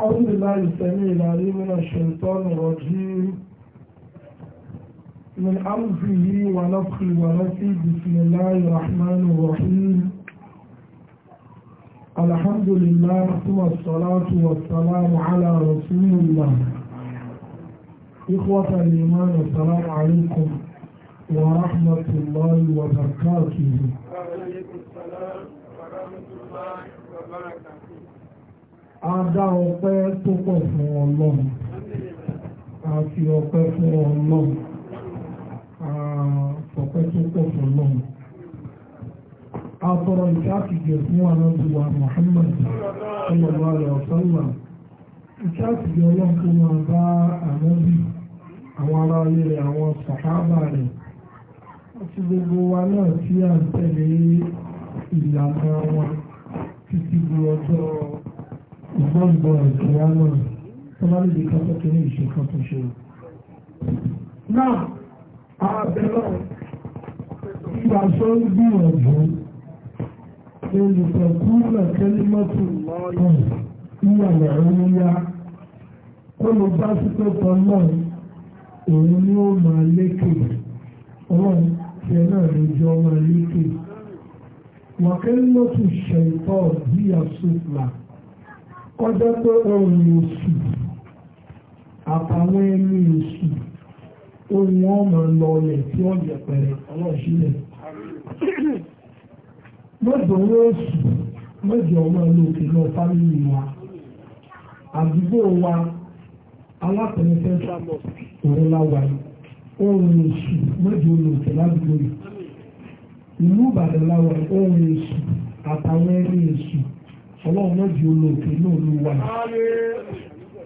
أعوذ بالله السميع العليم من الشيطان الرجيم من أمره ونفخه ونفخه بسم الله الرحمن الرحيم الحمد لله ثم الصلاة والسلام على رسول الله إخوة الإيمان السلام عليكم ورحمة الله وبركاته وعليكم السلام ورحمة الله وبركاته adá ọpẹ́ tó pọ̀ fún ọlọ́run a fi ọpẹ́ fún ọlọ́run a fọpẹ́ tó pọ̀ fún ọlọ́run a tọrọ ìṣàkìjẹ fún anábìwà Muhammad ọlọ́run alẹ́ ọ̀sánlá ìṣàkìjẹ ọlọ́run tó máa bá ànábì àwọn ará ayé rẹ̀ àwọn sàhábà rẹ̀ àti gbogbo wa náà tí à ń tẹ̀lé ìlànà wọn títí di ọjọ́ ìgbọ́ǹgbọ́ ìkìyà náà tó bá lè kan tó kéré ìṣe kan tó ṣe. náà àbẹ̀lọ́ ìgbà sọ ń gbìyànjú olùkọ̀kú lẹ̀kẹ́lí mọ́tò lọ́yọ̀ ìyàlẹ̀ oníyá kó ló bá sí pé tọ́lọ́ òun ni ó máa lékè ọlọ́run tiẹ̀ náà ló jọ máa lékè wàkẹ́lí mọ́tò ṣẹ̀tọ́ bí àsopọ̀ kọjá pé ohun èṣù àtàwọn ẹni èṣù ohun ọmọ lọlẹ̀ tí wọ́n yẹ pẹ̀rẹ̀ ọlọ́ọ̀ṣílẹ̀ mọ́jọ owó èṣù mọ́jọ ọmọ lókè náà fámìlì wa àdúgbò wa alápẹ̀rẹ̀ central mosque òun láwa yìí ohun èṣù mọ́jọ olókè ládùúgbò yìí ìlú Ìbàdàn láwa ohun èṣù àtàwọn ẹni èṣù ọlọ́run náà di olóògbé náà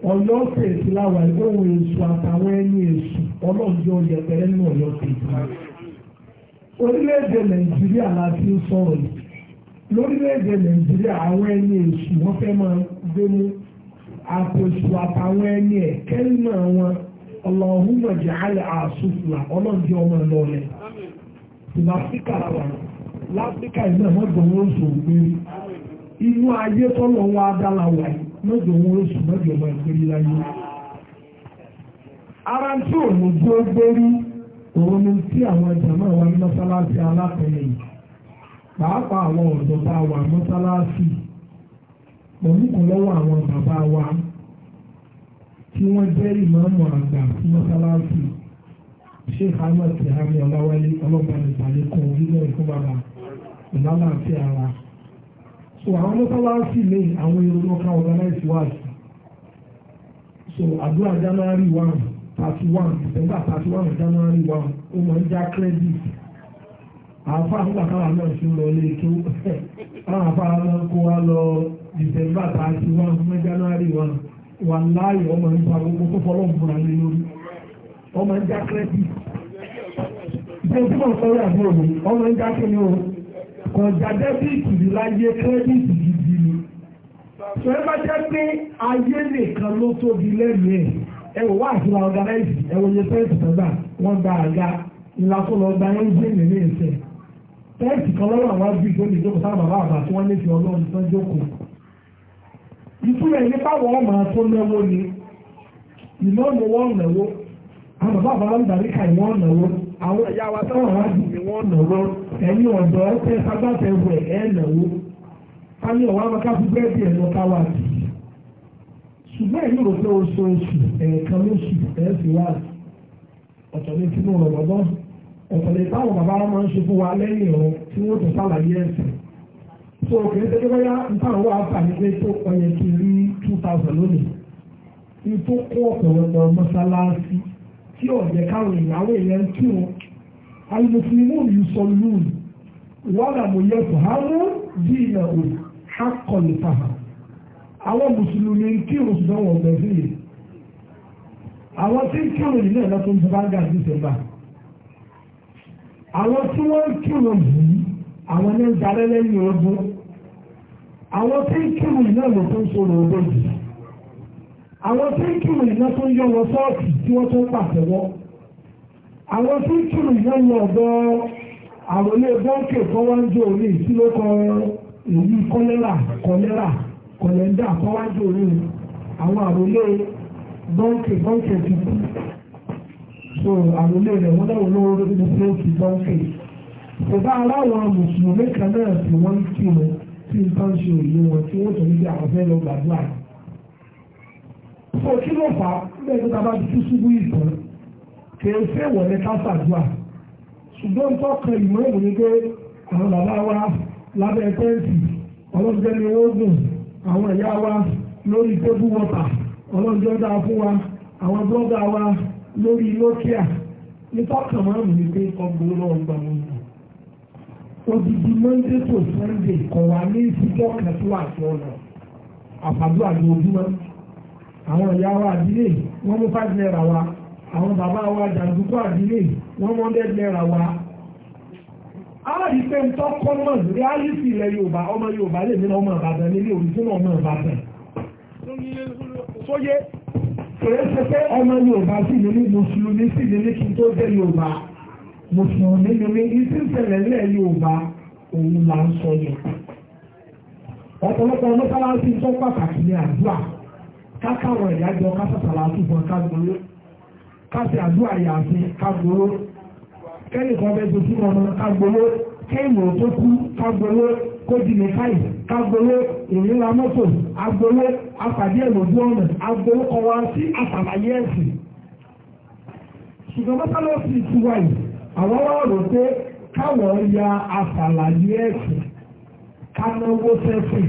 ló wà ọlọ́ọ̀tẹ̀ ti láwà ìgbóhùn èṣù àtàwọn ẹni èṣù ọlọ́ọ̀jọ́ yẹpẹrẹ ní ọlọ́ọ̀tẹ̀ ìgbìmọ̀ orílẹ̀-èdè nàìjíríà la fi ń sọ̀rọ̀ yìí lórílẹ̀-èdè nàìjíríà àwọn ẹni èṣù wọ́n fẹ́ máa gbé mú àpòṣù àtàwọn ẹni ẹ̀ kẹ́lìmọ̀ wọn ọlọ́ọ̀húnmọ̀ jẹ́ àlẹ́ àṣùfùlà ọlọ́ọ̀jẹ́ ọmọ ẹlọ́ọ̀lẹ̀ ìlàfíkà làwà láfíkà ìlú ẹ̀ inú ayé tọ́lọ̀ wọn adára wà yìí mẹ́jọ wọn oṣù mẹ́jọ wọn ìgbérí láyé ara tí ò ní bí ó gbérí òun ni tí àwọn wa ní mọ́sálásí alápẹ̀lẹ̀ yìí pàápàá àwọn ọ̀dọ́ bá wà mọ́sálásí pẹ̀lú kan lọ́wọ́ àwọn bàbá wa tí wọ́n jẹ́ ìmọ̀ọ́mọ̀ àgbà fún mọ́sálásí sheikh ahmed tihami ọláwálé ọlọ́pàá ìgbàlẹ̀ kan orílẹ̀ ìlànà àti so àwọn mọ́sálásí lè àwọn èrò náà ká organize wáàsí so àdúrà january one thirty one december thirty one january one ó máa ń já credit àáfà nígbà táwọn náà ti ń lọ ilé tó àwọn àáfà náà kó wa lọ december thirty one fún january one wà láàyè ọmọ nípa gbogbo tó fọlọ́ ìfúnra lé lórí ọmọ ń já credit ìṣèjúmọ̀ sọ́rí àbúrò mi ọmọ ń já kí ni o kọjá dẹ́bìtì ní láyé kírẹ́dìtì gidi ni sọ ẹ bá jẹ́ pé ayé nìkan ló tóbi lẹ́nu ẹ̀ ẹ wò wá àfihàn ọ̀gánáìsì ẹ wò yẹ fẹ́ẹ̀sì tọ́gbà wọ́n gba àga ìlàkó lọ gba ẹ́ńjìnì ní ìfẹ́ fẹ́ẹ̀sì kan lọ́wọ́ àwọn bíi tó lè jókòó sáà bàbá àbá tí wọ́n lè fi ọlọ́run tán jókòó ìtúrẹ̀ ní báwọn ọmọ tó lẹ́wọ́ ni ìlú ọ̀nà wọn náwó àwọn bàbá àbá àwọn ẹ̀yà wa tó wà wájú ni wọ́n ẹ̀yìn ọ̀dọ́ tẹ agbátẹ̀wò ẹ̀ náwó kámi ọ̀wá máa ká fi ẹ̀ lọ káwá sí ṣùgbọ́n ẹ̀yìn rò pé oṣooṣù ẹ̀ẹ̀kan lóṣù ẹ̀ fi wá ọ̀tọ̀ ní wa lẹ́yìn tí wọ́n tó ẹ̀sìn tí o jẹ́ káwọn ìyàwó yẹn ń kírun alimuslimun yusallun wàhálà mo yẹ fàánù bí ìnà o hakọlù fàá àwọn mùsùlùmí ń kírun ṣùgbọ́n wọn bẹ̀ sí i àwọn tí ń kírun yìí náà lọ́tún ti bá ń gà àwọn tí wọ́n ń kírun yìí àwọn ní ń darẹ́ lẹ́yìn ọdún àwọn tí ń kírun yìí náà àwọn tí ń kírun iná tó ń yọ wọ sọ́ọ̀tì tí wọ́n tó ń pàtẹ́wọ́ àwọn tí ń kírun iná lọ ọ̀dọ́ àròlé bọ́ǹkì kan wá ń jó orí ìsílókọ èyí kọ́lẹ́rà kọ́lẹ́rà kọ̀lẹ́ndà kan wá ń jó orí àwọn àròlé bọ́ǹkì bọ́ǹkì ti kú so àròlé rẹ̀ wọ́n náà lówó lórí bọ́ǹkì bọ́ǹkì kò bá aláwọn mùsùlùmí kan náà tí wọ́n ń kírun tí nǹkan ṣe òye wọn tí wọ́n tó ń gbé àwọn fẹ́ lọ gbàdúrà yìí. so kí ló fà á nígbà tó ta bá ti tú ṣubú ìtàn kèé ṣe wọlé ká ṣàdúrà ṣùgbọ́n tó kan ìmọ̀ òun ni àwọn bàbá wa lábẹ́ àwọn ẹ̀yà wa lórí tébù wọ́tà dáa fún wa odidi monday to sunday ní ìsìnkú tó àjọ náà àfàdúrà àwọn ìyá wa àdílé wọ́n mú five naira wa àwọn bàbá wa jàǹdùkú àdílé wọ́n mú hundred naira wa. aláàbí pé ń tọ́ kọ́mọ̀ reality ilẹ̀ Yorùbá ọmọ Yorùbá lè nínú ọmọ Ìbàdàn nílé òrìṣẹ́ náà ọmọ Ìbàdàn. sóyè kèrè ṣe pé ọmọ Yorùbá sì ní ní mùsùlùmí sì ní ní kí n tó dé Yorùbá mùsùlùmí ní ní ìsì ìṣẹ̀lẹ̀ ilẹ̀ Yorùbá òun là ń sọ yẹn ọ̀pọ̀lọpọ̀ mọ́sálásí tó pàtàkì ní àdúrà kákàwọn ìyájọ kásàtàlà àtúbọ̀ kágbóró kásì àdúrà yàáfin kágbóró kẹ́lì kan bẹ́ẹ̀ tó sínú ọmọ kágbóró kẹ́yìn tó kú kágbóró kódì nìkáì kágbóró ìrìnlá mọ́tò agbóró apàdé ẹ̀lòdú ọ̀nà agbóró kọwa sí àtàlàyé ẹ̀sìn ṣùgbọ́n mọ́tàlọ́sì ti wáyé àwọn wọ́n rò pé káwọn ya àtàlàyé ẹ̀sìn kánáwó sẹ́sìn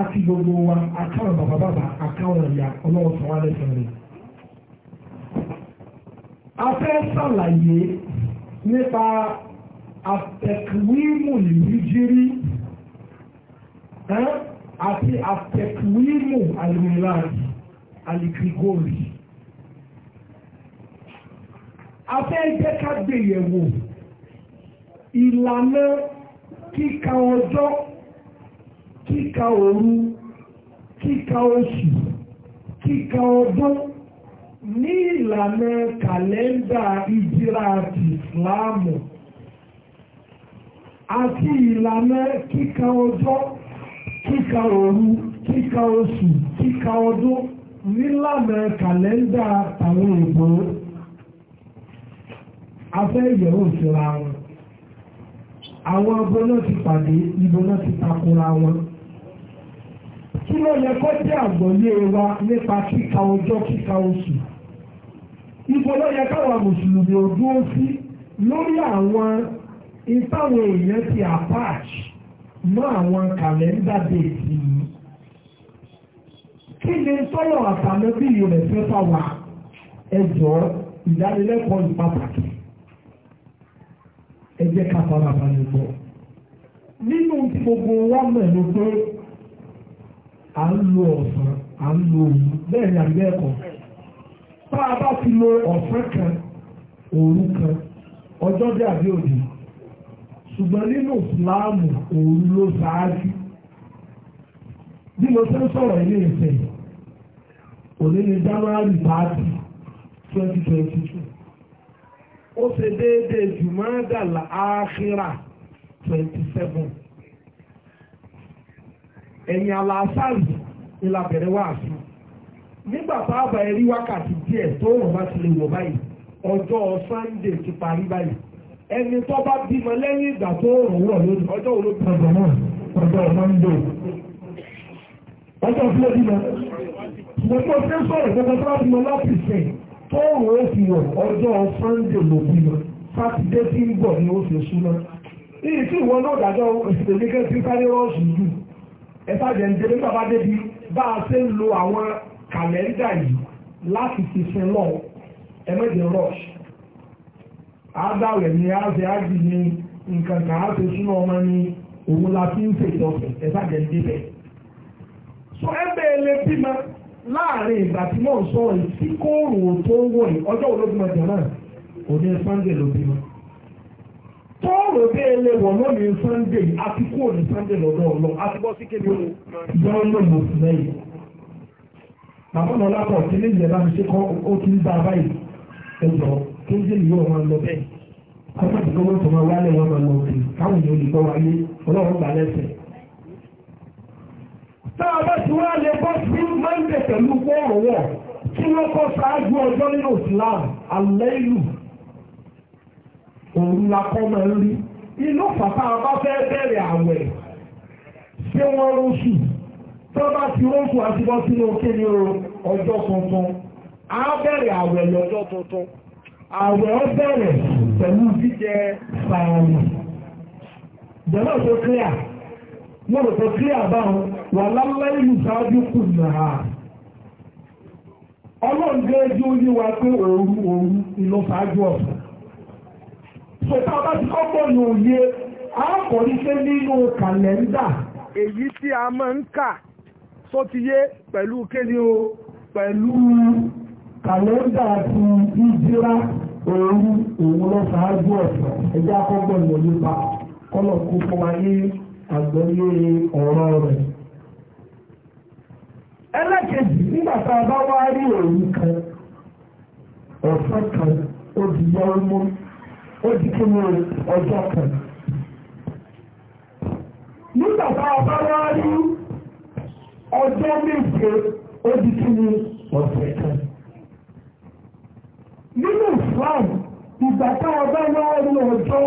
àti gbogbo wa àkáwọn bàbá bàbá àkáwọn ìyá ọlọ́wọ́ sọ wá lẹ́sẹ̀ rẹ̀. a fẹ́ ṣàlàyé nípa àtẹ̀kùwímù lìjírí àti àtẹ̀kùwímù àlùmíláàdì àlìkìgórì. a fẹ́ jẹ́ ká gbèyẹ̀wò ìlànà kíka ọjọ́ kíka òru kíka oṣù kíka ọdún ní ìlànà kàlẹ́ndà ìjírà àti ìsìláàmù àti ìlànà kíka ọjọ́ kíka òru kíka oṣù kíka ọdún nílànà kàlẹ́ndà àwọn èèbó afẹ́ ìyẹ̀wò ìṣura wọn àwọn abọ́nà ti pàdé ìbọ́nà ti takora wọn ló yẹ kó jẹ́ wa nípa kíka ọjọ́ kíka oṣù ibo ló yẹ káwa mùsùlùmí ò dúró sí lórí àwọn ìtàwọn èèyàn ti àpáàchì mọ́ àwọn kàlẹ́ndà déètì yìí kí ni sọ́yọ̀ àtàlẹ́bí rẹ̀ fẹ́ fáwa ẹjọ́ ìdánilẹ́kọ̀ọ́ ìpàtàkì ẹjẹ́ ká fara balẹ̀ nínú gbogbo wa mẹ́lò pé à ń lo ọ̀sán à ń lo òru bẹ́ẹ̀ ni àbí bẹ́ẹ̀ kọ́ tá a bá ti lo ọ̀sán kan òru kan ọjọ́ dé àbí òdì ṣùgbọ́n nínú ìsìláàmù òru ló ṣáájú bí mo ṣe ń sọ̀rọ̀ ilé ìfẹ́ òní ni january thirty twenty twenty two ó ṣe déédéé jùmọ́ dàlà áhírà twenty seven ẹ̀yìn aláṣáàlì ni la bẹ̀rẹ̀ wá sí nígbà tá a bá ẹ rí wákàtí díẹ̀ tó wọ̀n bá ti lè wọ̀ báyìí ọjọ́ Sunday ti parí báyìí ẹni tó bá bímọ lẹ́yìn ìgbà tó rọ̀ wọ̀ lónìí ọjọ́ wo ló bí ọjọ́ náà ọjọ́ Monday ọjọ́ fúlẹ̀ bímọ gbogbo ṣe sọ̀rọ̀ gbogbo tó bá bímọ láti sẹ̀ tó rọ̀ ó fi wọ̀ ọjọ́ Sunday ló bímọ sátidé tí ń bọ̀ ni ó fi súná ní ìtú ìwọ náà dájọ́ òṣèlú gẹ́gẹ́ ẹ̀fàjẹ̀ ń bàbá débi bá a ṣe ń lo àwọn kàlẹ́ńdà yìí láti fi ṣe lọ ẹ̀mẹ́jẹ̀ rush àádáwẹ̀ ni àáṣe ágì ní nǹkan kan àáṣe súná ọmọ ní òun la fi ń so ẹgbẹ́ bímọ láàrin ìgbà tí mò ń sọ tó ń tóòrò bí ele wọ̀ lónìí sunday àti kúrò ní sunday lọ́dọ̀ ọ̀lọ́ àti bọ́ sí kéde o yọ lónìí oṣù lẹ́yìn. bàbá náà lápọ̀ tí ní ìyẹn láti ṣe kọ́ ó ti ń dá báyìí ẹ jọ kí ń dé ìyẹn wọn lọ bẹ́ẹ̀. kọ́tà tí kọ́mọ́ tó máa wálé wọn máa lọ sí káwọn èèyàn lè gbọ́ wáyé ọlọ́run gbà lẹ́sẹ̀. tá a bá ti wá lè bọ́ sí monday pẹ̀lú kóòrò wọ̀ kí wọ́n kọ́ ṣáájú ọjọ́ nínú islam alẹ́ ìlú òun la kọ́ máa ń rí inú fàtà bá fẹ́ bẹ̀rẹ̀ àwẹ̀ ṣé wọ́n rọ́ṣù tó bá ti rọ́ṣù àti bọ́ sínú kíni ọjọ́ tuntun á bẹ̀rẹ̀ àwẹ̀ lọ́jọ́ tuntun àwẹ̀ ó bẹ̀rẹ̀ pẹ̀lú jíjẹ sàárì jẹ́lọ́ tó clear wọ́n rò tó clear báwọn wà lálẹ́ ìlú sáájú kù náà ọlọ́run gẹ́gẹ́ orí wa pé òru òru ìlọ sáájú ọ̀sán sọ̀tà bá ti kọ́kọ́ ní òye àkọ́ríṣẹ́ nínú kàlẹ́ndà èyí tí a máa ń kà tó ti yé pẹ̀lú kéde o pẹ̀lú kàlẹ́ndà ti ìjírá òru òun lọ ṣáájú ọ̀sán ẹjẹ́ akọ́gbọ̀n ní òye pa kọ́lọ̀ kó fún wa ní àgbọ́yé ọ̀rọ̀ rẹ̀ ẹlẹ́kejì nígbà tá a bá wá rí òru kan ọ̀sán kan ó di yẹ́wó mọ́rí ó di kí ni ọjọ́ kan. nígbà tá a bá wá rí ọjọ́ méje ó di kí ni ọ̀sẹ̀ kan. nínú Islam ìgbà tá a bá wá rí ọjọ́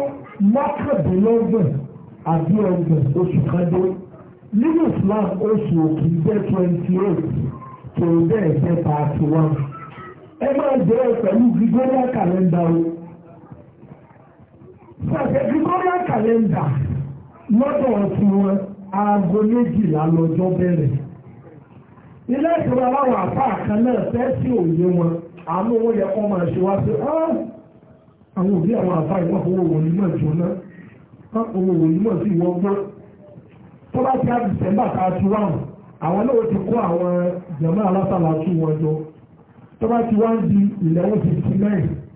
mọ́kàndínlọ́gbọ̀n àbí ọgbọ̀n oṣù kan dé nínú Islam oṣù òkè jẹ́ twenty eight tó bẹ́ẹ̀ jẹ́ thirty one. ẹ máa jẹ́ pẹ̀lú gbígbóná kàlẹ́ndà o. Gregorian calendar lọ́dọ̀ ọ̀tún wọn aago méjìlá lọ́jọ́ bẹ̀rẹ̀. Ilé ìtura aláwọ̀ àpá kan náà fẹ́ sí òye wọn, àánú owó yẹ kọ́ máa ṣe wá sí àwọn òbí àwọn àpá ìwọ̀n owó òní náà jóná, owó òní náà sì wọ́n gbọ́. Tó bá ti á Dìsẹ́mbà ká tú wáhùn, àwọn náà ti kó àwọn jẹ̀mọ́ alásàlátú wọn jọ. Tó bá ti wá ń di eleven fifty nine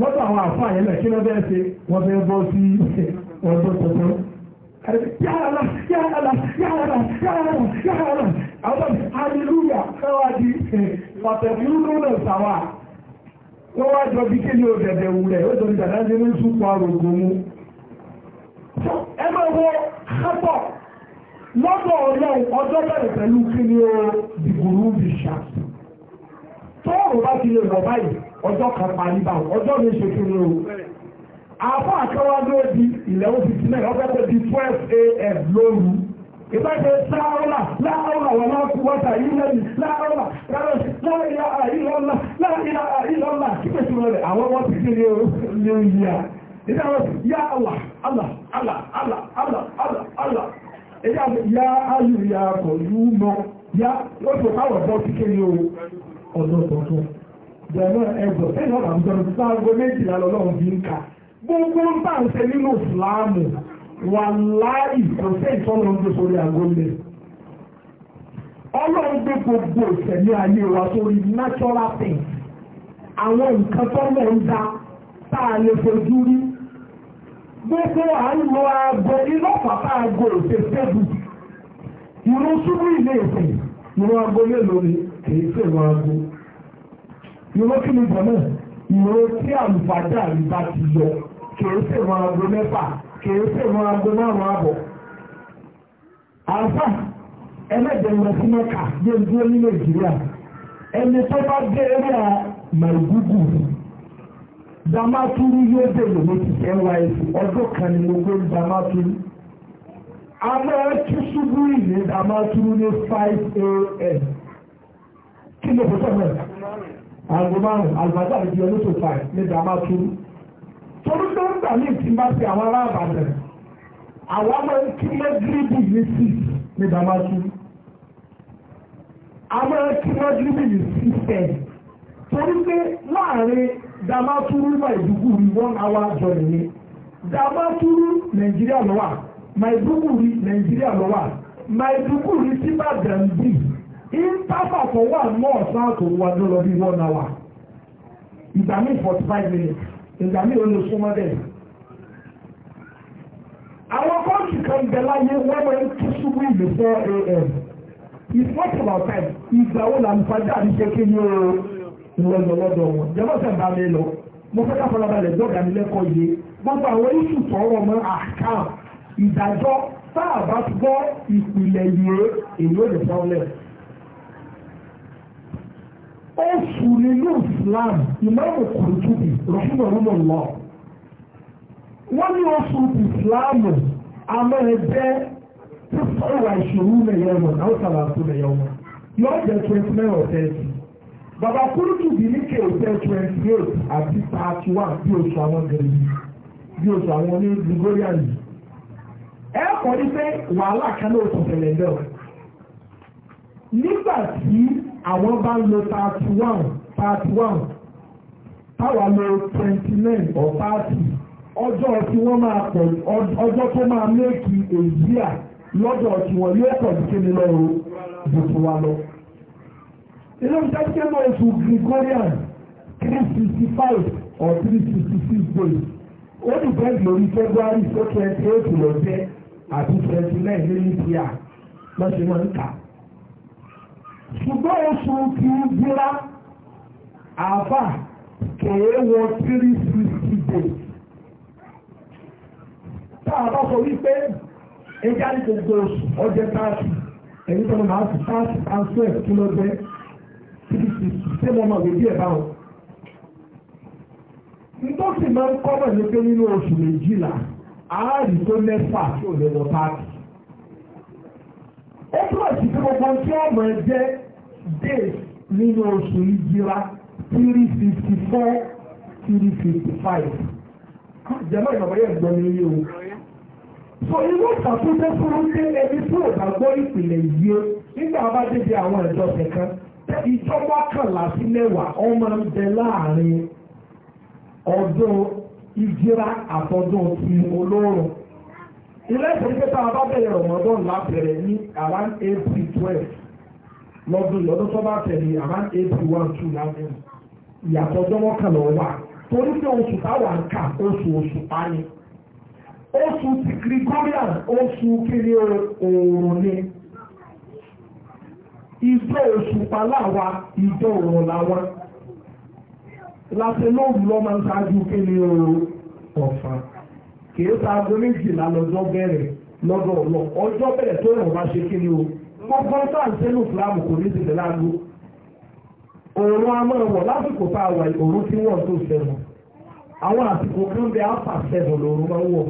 lọ́dọ̀ àwọn àfáà yẹn lẹ̀ kí ló bẹ́ẹ̀ ṣe wọ́n fẹ́ bọ́ sí ọdún tuntun. yàrá yàrá yàrá yàrá yàrá àwọn hallelujah káwá di pàtàkì lúlúlẹ̀ sàwà wọ́n wá jọ bí kéde òdẹ̀dẹ̀ wù rẹ̀ ó jọ ní dàdá ní ní sùpọ̀ àrògùn mu. ẹ máa wọ kápọ̀ lọ́dọ̀ ọlọ́run ọjọ́ bẹ̀rẹ̀ pẹ̀lú kí ni ó dìgbòrú bìṣà tóòrò bá ti lè rọ̀ báyìí ọjọ́ kan parí báwọn ọjọ́ mi ṣe kí ni o àfọ àkọwádó di eleven fifty nine ọgbẹ́ tó di twelve a.m. lóru ìbáṣe láàrọ́là láàrọ́là wà láàkú wáta kí pèsè rẹ̀ àwọn ti kí ni o ní ìdá wọn yá àlà àlà àlà àlà àlà àlà àlà yá ayù kọ̀ọ̀lù mọ́ yá káwọ̀ bọ́ jẹ̀mọ́ ẹgbẹ́ sẹ́yìn ọ̀nà àmújọ́nù tí sáàgbọ́ méjìlá lọ́lọ́run fi ń ka gbogbo ń bá ń ṣe nínú ìsìláàmù wà láì kò sẹ́yìn tọ́lọ́ ń gbé sórí àgọ́lẹ̀ ọlọ́run gbé gbogbo ìṣẹ̀mí ayé wa sórí natural thing àwọn nǹkan tọ́lọ́ ń dá tá a lè fojú rí gbogbo à ń lo aago iná pàpà aago òṣè sẹ́bù ìrún súnmù ilé ìsìn aago mélòó ni kì í ṣèlú aago ìró kí ni jọ náà ìró tí àlùfáàjà rí bá ti yọ kìí sì mọ aago mẹ́fà kìí sì mọ aago márùn-ún àbọ̀. àǹfà ẹlẹ́jẹ̀ ń lọ sí mẹ́ka bí ojú ó ní nàìjíríà ẹni tó bá dé eré à màìgúgù damaturu yóò dé lòmí ti nys ọdún kan ní gbogbo damaturu amẹ́tú ṣubú ìlú damaturu ní five a.m. kí ló fẹ́ sọ́mọ́ ẹ̀ aago márùn-ún àlùbáṣà lè di olóṣù five ní dàmátú torí pé ń gbà ní ìtìmbá sí àwọn ará àbàdàn àwọn ọmọ ìkílẹ̀ gírídì ní six ní dàmátú àwọn ìkílẹ̀ gírídì ní six ten torí pé láàrin dàmátú rúbà ìdúgbò rí one hour journey ni dàmátú nàìjíríà ló wà Maiduguri nàìjíríà ló wà Maiduguri síbàdàn bíi. In interval for one more sáà to one ló lọ one hour ìgbà míì forty five minutes ìgbà míì ó lè súnmọ́ bẹ́ẹ̀. àwọn kọ́ńtì kan bẹ̀ láyé wọ́n máa ń tú ṣubú ìlú four a.m. it's not about time ìgbà wo là ń fàájà àdìsẹ́ kí ni ó lọ́dọọdọ wọn jẹ́wọ́ sẹ́ńtà mi lọ mo fẹ́ ká fọlábalẹ̀ gbọ́dọ̀ mi lẹ́kọ̀ọ́ yìí gbogbo àwọn iṣu tọrọ mọ́ àkàm ìdájọ́ tá a bá gbọ́ ìpìlẹ̀ yìí èyí ò lè problem oṣù nínú Islam ìmáàmù Kùrùtùbì rahimahumullah wọ́n ní oṣù ìsìláàmù àmọ́ ẹgbẹ́ tó sọ̀rọ̀ ìṣòro nìyẹn wọn àwọn sàlàtò nìyẹn wọn yóò jẹ́ twenty nine or thirty bàbá Kùrùtùbì ní kéwòtẹ́ twenty eight àti thirty one bí oṣù àwọn gẹ̀rẹ́ bí oṣù àwọn ní Gregorian yìí ẹ kọ́ ní pé wàhálà kan náà sọ̀tẹ̀lẹ̀ náà nígbà tí àwọn bá ń lo thirty one thirty one táwa lo twenty nine or thirty ọjọ́ tí wọ́n máa pọ̀ ọjọ́ tó máa méèkì èyí à lọ́dọ̀ tí wọ́n yóò pọ̀ sí mi lọ́rùn gbogbo wa lọ. ilé ìjọba ti kẹ́mọ̀ oṣù Gregorian three sixty five or three sixty six days ó dìbẹ́ǹdì lórí February four twenty eight lọ́jẹ́ àti twenty nine ní ìpìyà lọ́sẹ̀ wọn ń kà á ṣùgbọ́n oṣù ti ń gbéra àbá kèé wọ 360 days táà bá sọ wípé ẹjá ní gbogbo oṣù ọjọ́ táàsì èyí tó máa fi táàsì táàsì ẹ̀ tó lọ jẹ́ 360 tí mo máa gbé díẹ̀ báwọn nítòsí máa ń kọ́mọ̀ ní pé nínú oṣù méjìlá àárí tó mẹ́fà tí ò lè wọ táàsì ó túmọ̀ sí pé gbogbo tí ó mọ̀ jẹ́ days nínú oṣù ìjìra three fifty four three fifty five ah, jẹ́mọ́ ìmọ̀ báyẹ̀ gbọ́ ní iye o. so irú ìṣàtúnṣe fún pé ẹni tí ò bá gbọ́ ìpìlẹ̀ yìí nígbà bá débi àwọn ìjọsìn kan ìjọ mọ́kànlá sí mẹ́wàá ọmọ ń bẹ láàrin ọdún ìjìra àtọ́dún ti olóòrùn ilé ìfòrí pé táwọn bá bẹ̀rẹ̀ rọ̀mọ́dọ́n lábẹ̀rẹ̀ ní around april twelve lọ́dún lọ́dún tó bá tẹ̀lé around april one two lábẹ́rẹ̀ ìyàtọ̀ ọjọ́ mọ́kànlá wà torí pé oṣù táwa ń kà oṣù oṣù pani oṣù ti Gregorian oṣù kiri oòrùn ni ìjọ oṣù paláwa ìjọ oòrùn làwọn láti lóòrùn lọ́mọ ń ṣáájú kiri ọ̀fà. kìí sáago méjìlá lọ́jọ́ bẹ̀rẹ̀ lọ́dọ̀ ọ̀lọ́ ọjọ́ bẹ̀rẹ̀ tó rẹ̀ wọ́n ṣe kí ni o gbogbo nta à ń sẹ́nu fúlàmù kò ní ìsìnkú láago òòrùn a lásìkò tá a wà òòrùn tí wọ́n tó sẹ́nu àwọn àsìkò kan bẹ áfà sẹ́nu lòòrùn máa ń wa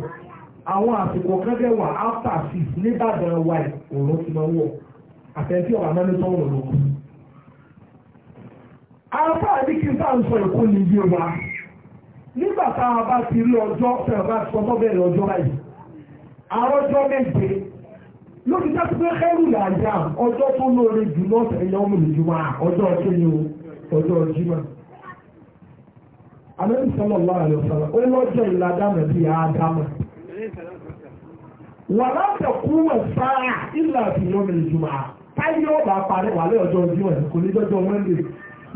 òòrùn ti máa ń wọ̀ ọ̀rọ̀ kí n nígbà táwọn bá ti rí ọjọ́ tẹ̀wọ́n bá ti sọ́tọ́ bẹ̀rẹ̀ ọjọ́ báyìí àrọ́jọ́ méje lórí dájú pé kẹ́rù làjà ọjọ́ tó lóore jù lọ ẹ̀yàn ọmọ ìjùmọ̀ ọjọ́ kíni o ọjọ́ jímọ̀ àlẹ́bí sọ́lọ́ lọ́wọ́ àlọ́sọ́lá ó lọ́jọ́ ìlàdámẹ̀ bíi àádámẹ̀ wà láti kúmọ̀ sáà ìlà àfihàn ìjùmọ̀ táyé ọ̀bà parí wà lẹ́ ọjọ́ jímọ̀ kò ní dọ́jọ́ Monday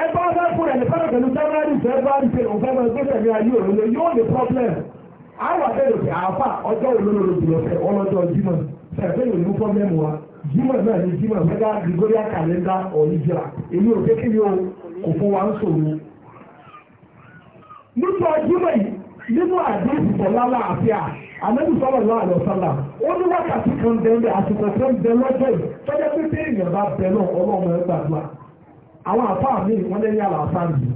ẹgbẹ́ ọ̀gá fún ẹ̀ benin pẹ̀lú january february ṣe òun fẹ́ẹ́ gbé tẹ̀mí ayé òun lè yóò ní problem àwọn àbẹ̀rẹ̀ pé àáfà ọjọ́ olólùlò jùlọ fẹ́ ọlọ́jọ́ jimá ṣẹ̀fẹ́ yóò ní problem wa jimá náà ní jimá mẹ́ta gregorian calendar ò pé kí ni o kò fún wa ń sòrò. nípa jimá nínú àdéhùn àmẹ́bí ó ní wákàtí kan bẹ́ẹ̀ tó ń àwọn afọ mi àlàáfáà mi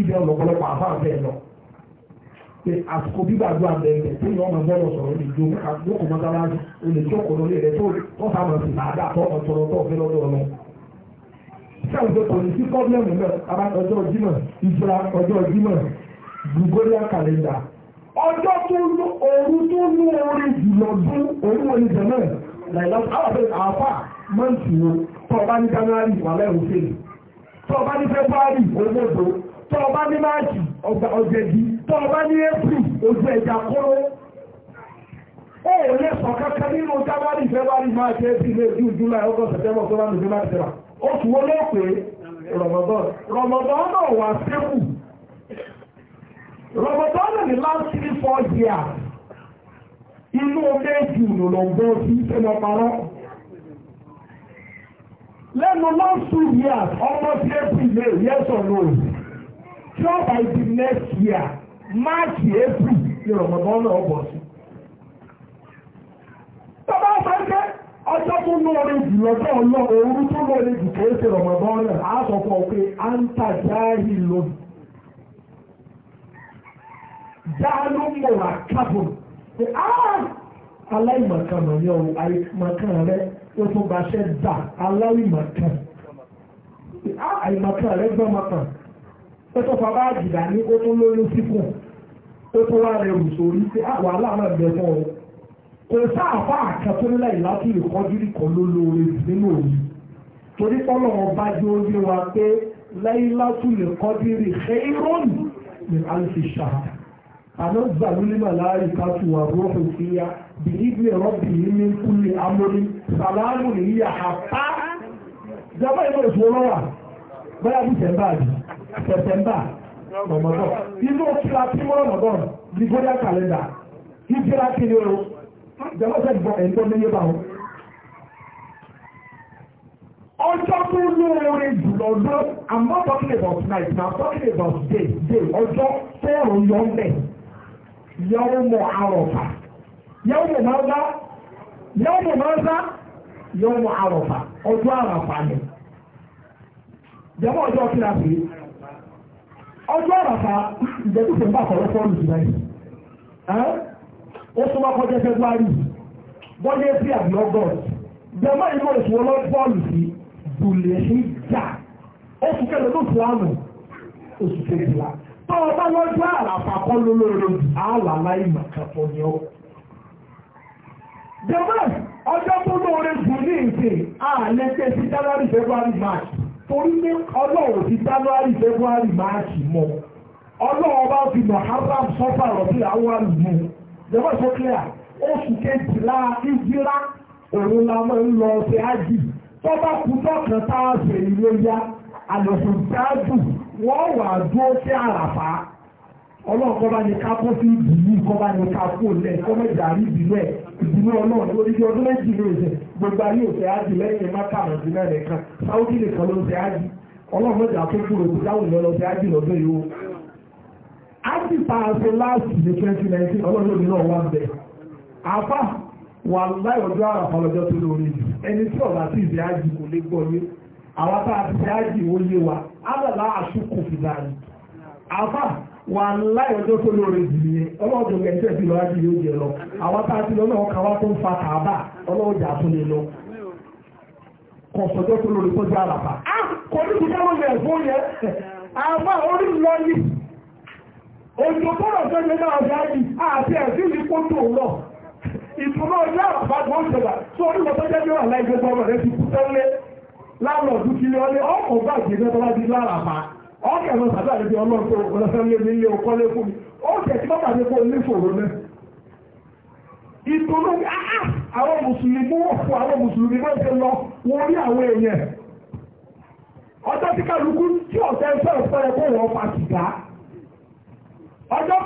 ibẹ̀ ọ̀lọ́pọ̀lọpọ̀ àfáà lọ pé àsìkò gbígbàdúrà bẹ̀rẹ̀ tí ìyá ọmọ bọ́ọ̀lù sọ̀rọ̀ lè jó lóko mọ́sálásí o lè jókòó lórí rẹ̀ tó tọ́ta sí àdá tó ọ̀tọ̀rọ̀ tó ọ̀fẹ́ lọ́dọ̀ ọ̀nà. sẹ́wọ̀n pé kò ní sí pọ́blẹ́mù náà ara ọjọ́ ọjọ́ ọjọ́ tó òru tó tó o bá ní february olóògbé tó o bá ní march ọ̀gbẹ̀gì tó o bá ní april ojú ẹja kóró ó lè sọ kankan nínú january february march april may july august september october november december oṣù wo ló pé rọmọdán rọmọdán náà wà sẹ́kù rọmọdán náà ní last three four years inú méjì ló lọ gbọ́ sí sẹ́nu ọparọ́. lẹ́nu last two years almost every year yes or no sure so by the next year march april ni rọmọdún náà bọ̀ sí. tọ́ba sáńkẹ́ ọjọ́ tó lóore jù lọ́jọ́ ọlọ́ òru tó lóore jù kò ṣe rọmọdún náà á sọ fún ọ pé à ń tà ó tún gbaṣẹ́ dà aláìmọ̀kan àìmọ̀kan rẹ̀ gbọ́n mọ̀kan ó tún fa báàgì dání ó tún lóyún síkùn ó tún wá rẹ̀ rù sórí pé ah, wàhálà náà bẹ̀ fún ọ kò sáàfà àkàtúnlẹ̀ ìlàkùnrin kọjú kan ló nínú òní torí pọ́nlọ́ ọba jẹ́ ó wa pé láìláṣù lè kọ́dírì ṣeírón ní alìṣà àná gbàlúlímà láàrin káṣù wà rọ́ọ̀fù sí ya bí ìgbìyànjú rọ́bì yìí ní kúlẹ̀ amórí sàlámù ní ìyá àpá ìjọba ìlú oṣù olówà bóyá bí sẹ̀mbà àbí sẹ̀tẹ̀mbà rọ̀mọ̀dọ̀ inú kíra tí wọ́n rọ̀mọ̀dọ̀ gregorian calendar ìjọba kiri o ìjọba sẹ́ni bọ̀ ẹ̀ńtọ́ níyé bá wọn. ọjọ́ tó lóore jùlọ lọ i'm not talking about night na talking about day day ọjọ́ fẹ́ràn yọ̀ọ́mẹ̀ yọ̀ọ́mọ̀ àrọ̀fà yọ̀ọ́mọ̀ máa ń bá yọ̀ọ́mọ̀ máa ń bá. yóò mú àrọ̀fà ọjọ́ àràfà ni jẹ́mọ́ ọjọ́ kí la pè ọjọ́ àràfà ìjẹ́kùsẹ̀ ń bá kọ̀ọ̀rọ̀ fọ́ọ̀lù jù láyé ó súnmọ́ kọjá february bọ́lá april àbí august jẹ́mọ́ ìmọ̀ ìṣòwò lọ sí bùlẹ̀ sí jà oṣù kẹlẹ̀ ló oṣù kejìlá tó o bá lọ́jọ́ ọjọ́ tó lóore jù ní ìsìn àlẹ́tẹ̀ sí january february march torí pé ọlọ́run ti january february march mọ́ ọlọ́run bá fi muharram sọ́fà rọ̀bì àwọn àlùmọ́ jẹ́wọ́ tó clear oṣù kejìlá ìjírá òun la máa ń lọ ṣe ájì ṣe wọ́n wà dúró sí àràfà. ọlọ́run kọ́ bá ní ká kó sí ìbùnú kọ́ bá ní ká kó lẹ̀ kọ́ mọ̀ ìdarí ìbílẹ̀ ìbínú ọlọ́run lórí bí ọdún méjì ló ṣe gbogbo ayé òfẹ́ ájì lẹ́yìn mẹ́ta àmọ̀dún náà nìkan sáwọ́dì nìkan ló ṣe ájì ọlọ́run mọ̀jà tó kúrò kó dáhùn ní ọlọ́ṣẹ́ ájì lọ́dún yìí ó. ájì ta aṣọ láàsì ní twenty nineteen ọlọ́run náà wà bẹ̀. àfà wà láì ọjọ́ àràfà lọ́jọ́ tó lórí ẹni tí ọ̀la sì ṣe ájì kò lè gbọ́ yé àwọn tá a ti ṣe ájì ó yé wa á lọ́la wà láyọ̀jọ́ tó lóore jù ní ọlọ́ọ̀dọ̀ ẹ̀ṣẹ̀ ti lọ́wọ́ ju yóò jẹ lọ àwọn tá a ti lọ náà kà wá tó ń fa kàábà ọlọ́ọ̀jà tó lè lọ kọ̀ sọ́jọ́ tó lóore tó jẹ́ àlàpà. Ah! kò ní ìdílé wọn yẹ fún yẹ àmọ́ orí lọ ní òjò tó lọ sọ́jọ́ náà a yìí àti ẹ̀sìn ní kótó lọ ìtura ọjọ́ àlàpà tó ń jẹba tó orí wọn tó jẹ́ bí wà láì Ọ lọ sàdá àdébí ọlọ́run tó mi lé ọkọ́ lé fún tí bàbá mi kó oníṣòro náà ìtòló áá ah, ah, àwọn mùsùlùmí wọ́n fún àwọn mùsùlùmí wọ́n ti lọ wọ́n rí àwọn èèyàn ọjọ́ tí kálukú tí ọ̀sẹ̀ ń sọ̀rọ̀ kó wọ́n fa sìgá ọjọ́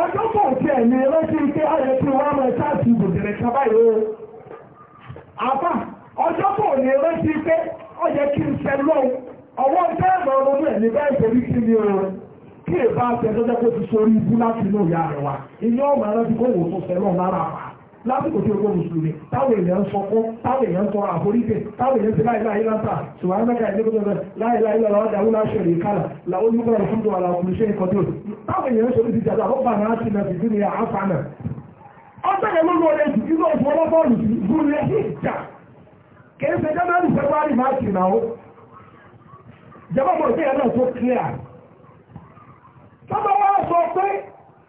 ọjọ́ kọ̀ọ̀tí ẹ̀mí rántí pé ayẹ̀ tí wọ́n mọ̀ sáàtì ti kan kaba o àbá ọjọ́ na ní ike pé ọjẹ́ kí n ṣe lọ́wọ́ ọwọ́ bẹ́ẹ̀ lọ ẹ̀mí bẹ́ẹ̀ torí kí ni o kí èbá ṣe tó kó ti sórí ibú láti inú ìyá rẹ̀ lásìkò tí ogun mùsùlùmí táwọn èèyàn sọkún táwọn èèyàn tọrọ àforíkè táwọn èèyàn ti láìláì láta ṣùgbọ́n mẹ́ta ìdẹ́gbẹ́gbẹ́ láìláì lọ́wọ́ àdáwó láṣẹ rè kálà làwọn olùkọ́ rẹ̀ fún dùn àlàkùnrin ṣe nǹkan tó táwọn èèyàn ṣe ti jàdá ó bà náà ti nà sí sí ní àáfàánà. ọ̀sẹ̀ ló lọ rẹ̀ jù kí lóò fún ọlọ́bọ̀ọ̀lù sí gúrú rẹ̀ sí ìjà kìí ṣe jẹ́mẹ́rì fẹ́wárì máa kì náà ó jẹ́mọ́bọ̀ ìpínyà náà tó clear. tọ́mọ wá sọ pé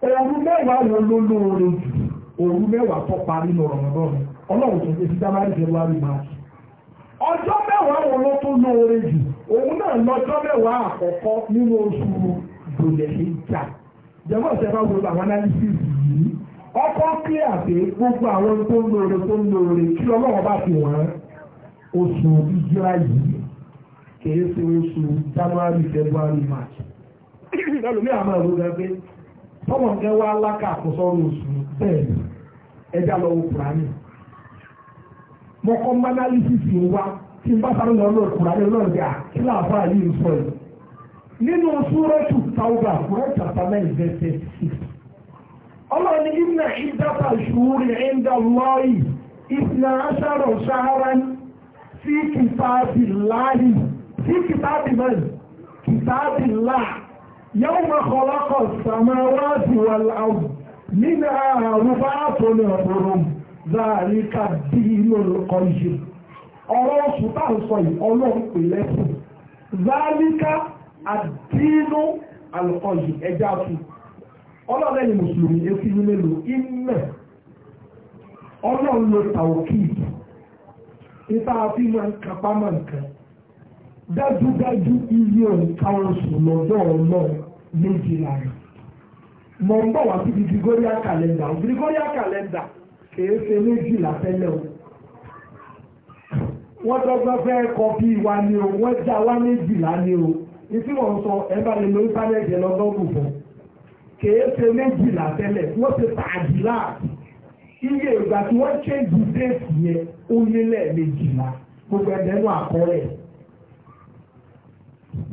òru mẹ́wàá wo ló lóore jù òru mẹ́wàá tó parí ní Ramadan ọlọ́run tó ṣe sí January February March ọjọ́ mẹ́wàá wọn ló tó lóore jù òun náà lọ́jọ́ mẹ́wàá àkọ́kọ́ nínú oṣù dòlẹ̀hìjà jẹ́wọ́ ìṣẹ́fà gbogbo àwọn analysis yìí ọkọ̀ clear gbogbo àwọn tó tó kí ọlọ́run bá fi wọ́n oṣù yìí kìí ṣe oṣù January February March àmọ́ ìlú gẹ́gẹ́ tọ́mọ̀ alákà oṣù bẹ́ẹ̀ ni ẹja lọ kùránì mo kọ́ ọkpụrụ wa tí n bá sáré lọ lọ kùránì lọ́ọ̀dì à kí láàbá yìí ń sọ yìí nínú súrọ́tù tàwùbà kùránì chapter nine verse thirty ọlọ́run ní ìnà ẹ̀ńdà lọ́ọ̀yì ìsìnà aṣáàrọ̀ ṣáárá sí nínú àrùn bá tóní ọ̀pọ̀rọ̀ láàrin káàdì inú olùkọ́ yìí ọ̀rọ̀ oṣù tá ń sọ yìí ọlọ́run pè lẹ́sìn zálíkà àdínú àlùkọ́ yìí ẹja tù ọlọ́run ẹ̀yìn mùsùlùmí etí ní mélòó ìmẹ̀ ọlọ́run ló ta òkè ìdù nípa àfi máa kápá máa ń dájúdájú iye òǹkà oṣù lọ́dọ̀ ọlọ́run méjìlá rẹ̀ mo ń bọ̀ wá síbi Gregorian calendar Gregorian calendar kìí ṣe méjìlá tẹ́lẹ̀ o wọ́n dọ́gbọ́n fẹ́ kọfí wa ni o wọ́n já wa méjìlá ni o ìtí wọ́n sọ ẹ bá lè lo íńtánẹ́ẹ̀tì lọ́gọ́gù fún kìí ṣe méjìlá tẹ́lẹ̀ wọ́n ṣe tààdìlá iye ìgbà tí wọ́n ṣéǹdì déètì yẹn ó nílẹ̀ méjìlá gbogbo ẹ̀dẹ́nu àkọọ́lẹ̀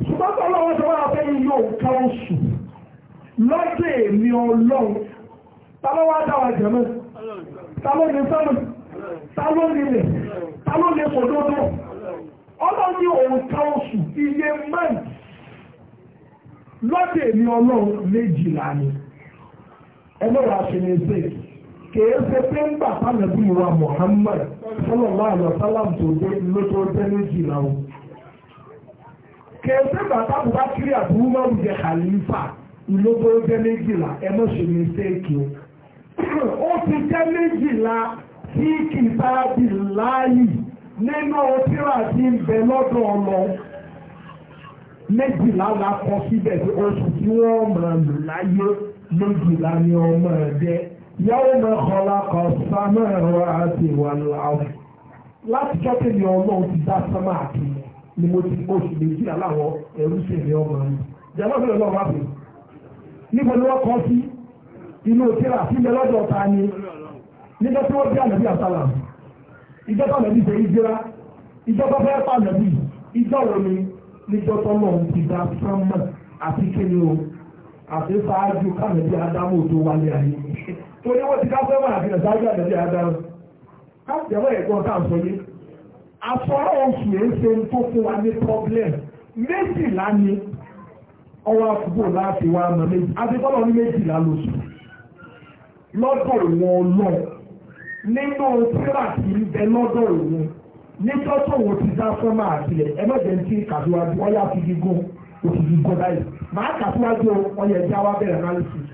ṣùgbọ́n tó lọ́wọ́ tó wà fẹ́ yí yóò ká oṣù lọ́dọ̀ èmi ọlọ́run táló wá dáwà jẹ́mọ́ táló ní sọ́mọ̀ táló nílẹ̀ táló ní kòdódó ọlọ́run ní òun ká oṣù iye mẹ́rin lọ́dọ̀ èmi ọlọ́run méjìlá ni ẹlọ́wà ṣe ní ṣe kèé pé ń gbà pàmẹ́bí wa Muhammad sallallahu alaihi wasallam tó dé lótó tẹ́ méjìlá o kèé ṣe bàtà bùbá kiri àbúrú mọ́rù jẹ khalifa ìlú tó jẹ́ méjìlá ẹ mọ̀ ṣe ní sẹ́ẹ̀kì o ó ti jẹ́ méjìlá tí kìtà bí láàyè nínú òtíra ti ń bẹ lọ́dọ̀ ọlọ méjìlá la kọ síbẹ̀ tí oṣù tí wọ́n máa lò láyé méjìlá ni ọmọ ẹ̀dẹ́ yàwó máa kọ́lá kan sámà ẹ̀rọ àti ìwà làwọn láti jọ́pẹ́ ni ọlọ́run ti dá sámà àti ni mo ti oṣù méjìlá láwọn ẹrú sèmi ọmọ mi jẹ́ lọ́sọ̀rọ̀ lọ́wọ́ àbẹ̀wò níbo ni wọ́n kọ́ sí inú tíra sílẹ̀ lọ́dọ̀ ọ̀tá ni nígbà tí wọ́n bí ànàbí àsálà ìjọba ànàbí ṣe ìjọra ìjọba fẹ́ pa ànàbí ìjọ wo ni níjọ tọ́lọ̀ ń ti dá sọ́mọ̀ àti kíni o àti sáájú kànàbí Ádámù tó wálé ayé torí wọ́n ti ká fẹ́ máa fi ẹ̀sáájú ànàbí Ádámù káàkiri ẹ̀gbọ́n ká sọ yé afọ́rọ̀ oṣù èéṣe tó fún wa ní pọ́blẹ̀m méjìlá ni ọwọ́ àkùkù láti wá ọmọ méjì adékọ́lọ́ ní méjìlá lóṣù lọ́dọ̀ wọn lọ nínú tíra tí ń bẹ lọ́dọ̀ òun níjọ́ tó wọ́n ti dá sọ́mà àtìlẹ̀ ẹgbẹ́jẹ̀ tí kàdúwájú ọyá ti di gún òtù di gún báyìí màá kàdúwájú ọyẹ ẹja wa bẹ̀rẹ̀ analysis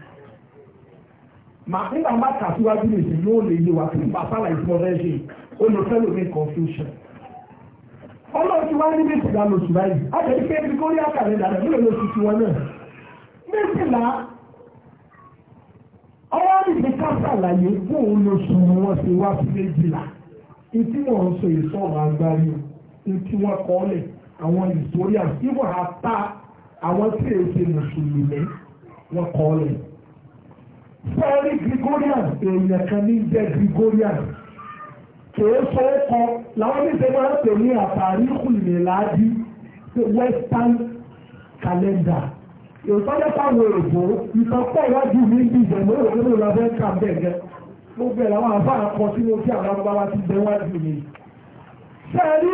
màá nígbà má kàdúwájú nìyí yóò lè yé wa kí n bá sálà ìfọwọ́fẹ́ ṣe olùfẹ́ lómi confusion ọlọ́run ti wá ní méjìlá lóṣù báyìí àtẹ̀lé pé ibi kórìí àkàlẹ̀ dàdà nílò lóṣù tiwọn náà méjìlá ọwọ́ àdìsí kásàlàyé fún òun lóṣù ni wọ́n ti wá sí méjìlá ìtí wọ́n ń sọ ìsọ̀rọ̀ agbárí ìtí wọ́n kọ́ lẹ̀ àwọn ìsòríà ìwọ̀n apá àwọn tí èsì mùsùlùmí wọ́n kọ́ lẹ̀. sọ́ọ́rí Gregorian èèyàn kan ní jẹ́ Gregorian kìí sọ́ọ́kọ làwọn oníṣẹ́ máa ń pè ní àtàríkù mìláàdí western calendar ìtọ́jọ́pá wo èbó ìtọ́pọ̀ iwájú mi ń bí ìjẹ̀mọ́ òwúrò ló la fẹ́ kà bẹ́ẹ̀ gẹ́ gbogbo ẹ̀ làwọn àfáà kọ sínú tí àwọn abáwá ti bẹ́ wájú mi. sẹ́ẹ̀rí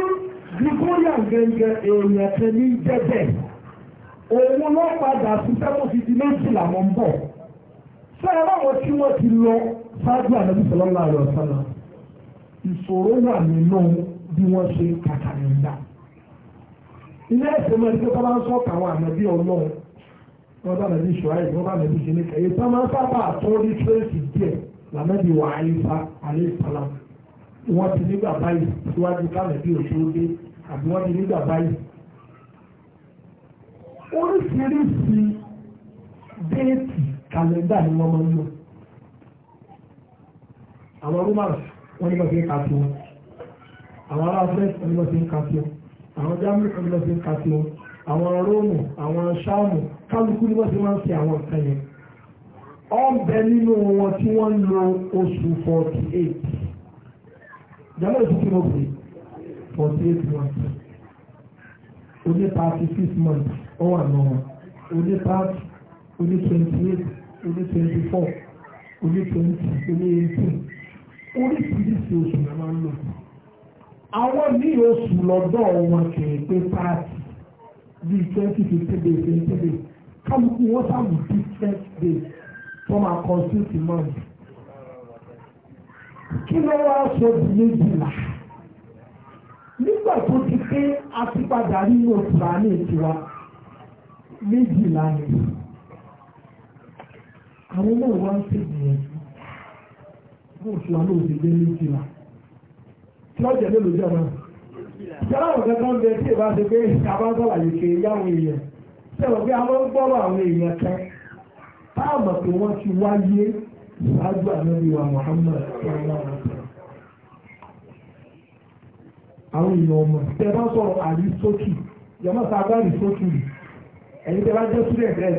gregorian gẹ́gẹ́ èèyàn kan ní jẹ́jẹ́ òun ló padà sí sẹ́kọ̀sì di méjìlá mọ́ ń bọ̀ sẹ́ẹ̀rọ̀ àwọn tí wọ́n ti lọ ṣáájú àdàbí sọlọ́lá àlọ́ sálà ìṣòro wà nínú bí wọ́n ṣe ka efe ilé ẹ̀sìn máa ń gbé ń sọ káwọn ànábì ọlọ́run wọ́n bá nàbí ìṣòro àìsàn wọ́n bá nàbí ìṣẹ́lẹ̀ kan èyí máa ń sábà tó wà wọ́n ti nígbà báyìí síwájú kánàbí òṣèlú dé àbí wọ́n ti nígbà báyìí oríṣiríṣi déètì kàlẹ́ndà ni wọ́n máa ń lò àwọn wọ́n ní lọ́sẹ̀ ń ka tiwọn àwọn ará fẹ́ẹ̀sì wọ́n ní lọ́sẹ̀ ń ka tiwọn àwọn germany wọ́n ní lọ́sẹ̀ ń ka tiwọn àwọn róòmù àwọn ṣáàmù kálukú ní wọ́n ti máa ń fi àwọn nǹkan yẹn ó ń bẹ nínú wọn tí wọ́n ń lo oṣù forty eight jàmbá ètò tí mo pè forty eight months oní thirty six months ó wà náà oní thirty oní twenty eight oní twenty four oní twenty oní eighteen oríṣiríṣi oṣù la máa ń lò àwọn ní oṣù lọ́dọ̀ wọn kìí pé páàtì bíi twenty fifty days twenty days kálukú wọn sáàmù different days tó máa consume month kí ló wá sọ di méjìlá nígbà tó ti pé àtipadà nínú oṣù àná ìtura méjìlá ni àwọn náà wá ń ṣègbìyànjú. kóòtù wa náà ní ìtura tí wọ́n jẹ́ jẹ́ ìjọba àwọn kankan ń bẹ tí ìbá ṣe pé ṣe èèyàn gbọ́rọ̀ àwọn èèyàn táàmù wọ́n ti wáyé wa Muhammad àwọn èèyàn ọmọ tẹ bá sọ̀rọ̀ rì tẹ bá jẹ́ ẹ̀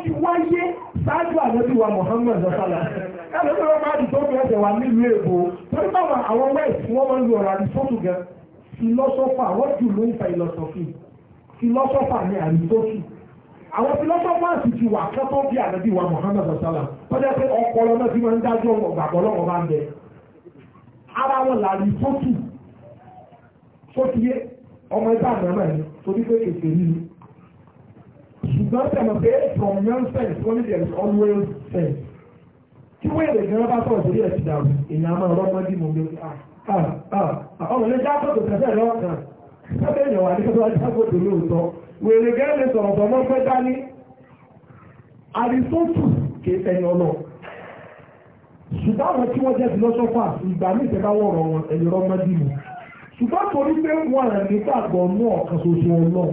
gbọ́dọ̀ ṣáájú àlẹ́bí wa Muhammad ọ̀sálà ẹ̀rọ pé wọ́n máa dìtọ́ bí ọ̀sẹ̀ wà nílùú èbó torí báwọn àwọn west wọ́n máa ń lo ọ̀rọ̀ àdìsọ́tù gan philosopher wọ́n jù ló ń fa philosophy àdìsọ́tù àwọn ti wà bí wa ọ̀sálà jẹ́ pé ọpọlọ náà ti máa ń dájọ́ ṣùgbọ́n tẹ̀mọ̀ pé from young nonsense only there is always sense tí wọ́n èrè gan bá sọ̀rọ̀ sórí ẹ̀sìn dàrú èèyàn máa rọ́gbọ́n dì mọ́ mi ọmọ ilé jágbọ́dọ̀ kẹsẹ̀ lọ́wọ́ kan sábẹ́ èèyàn wà ní kẹsẹ̀ wá jágbọ́dọ̀ lóòótọ́ wèrè gan lè sọ̀rọ̀ sọ̀rọ̀ mọ́ pẹ́ dání àrísọ́tù kìí sẹ́yìn ọlọ́ ṣùgbọ́n àwọn tí wọ́n jẹ́ fìlọ́sọ́fà ìgbà míì tẹ́ bá wọ̀rọ̀ ẹ̀yìn rọ́gbọ́n dì mọ́ ṣùgbọ́n torí pé wọ́n rẹ̀ nígbàgbọ́ náà kan ṣoṣo ọlọ́run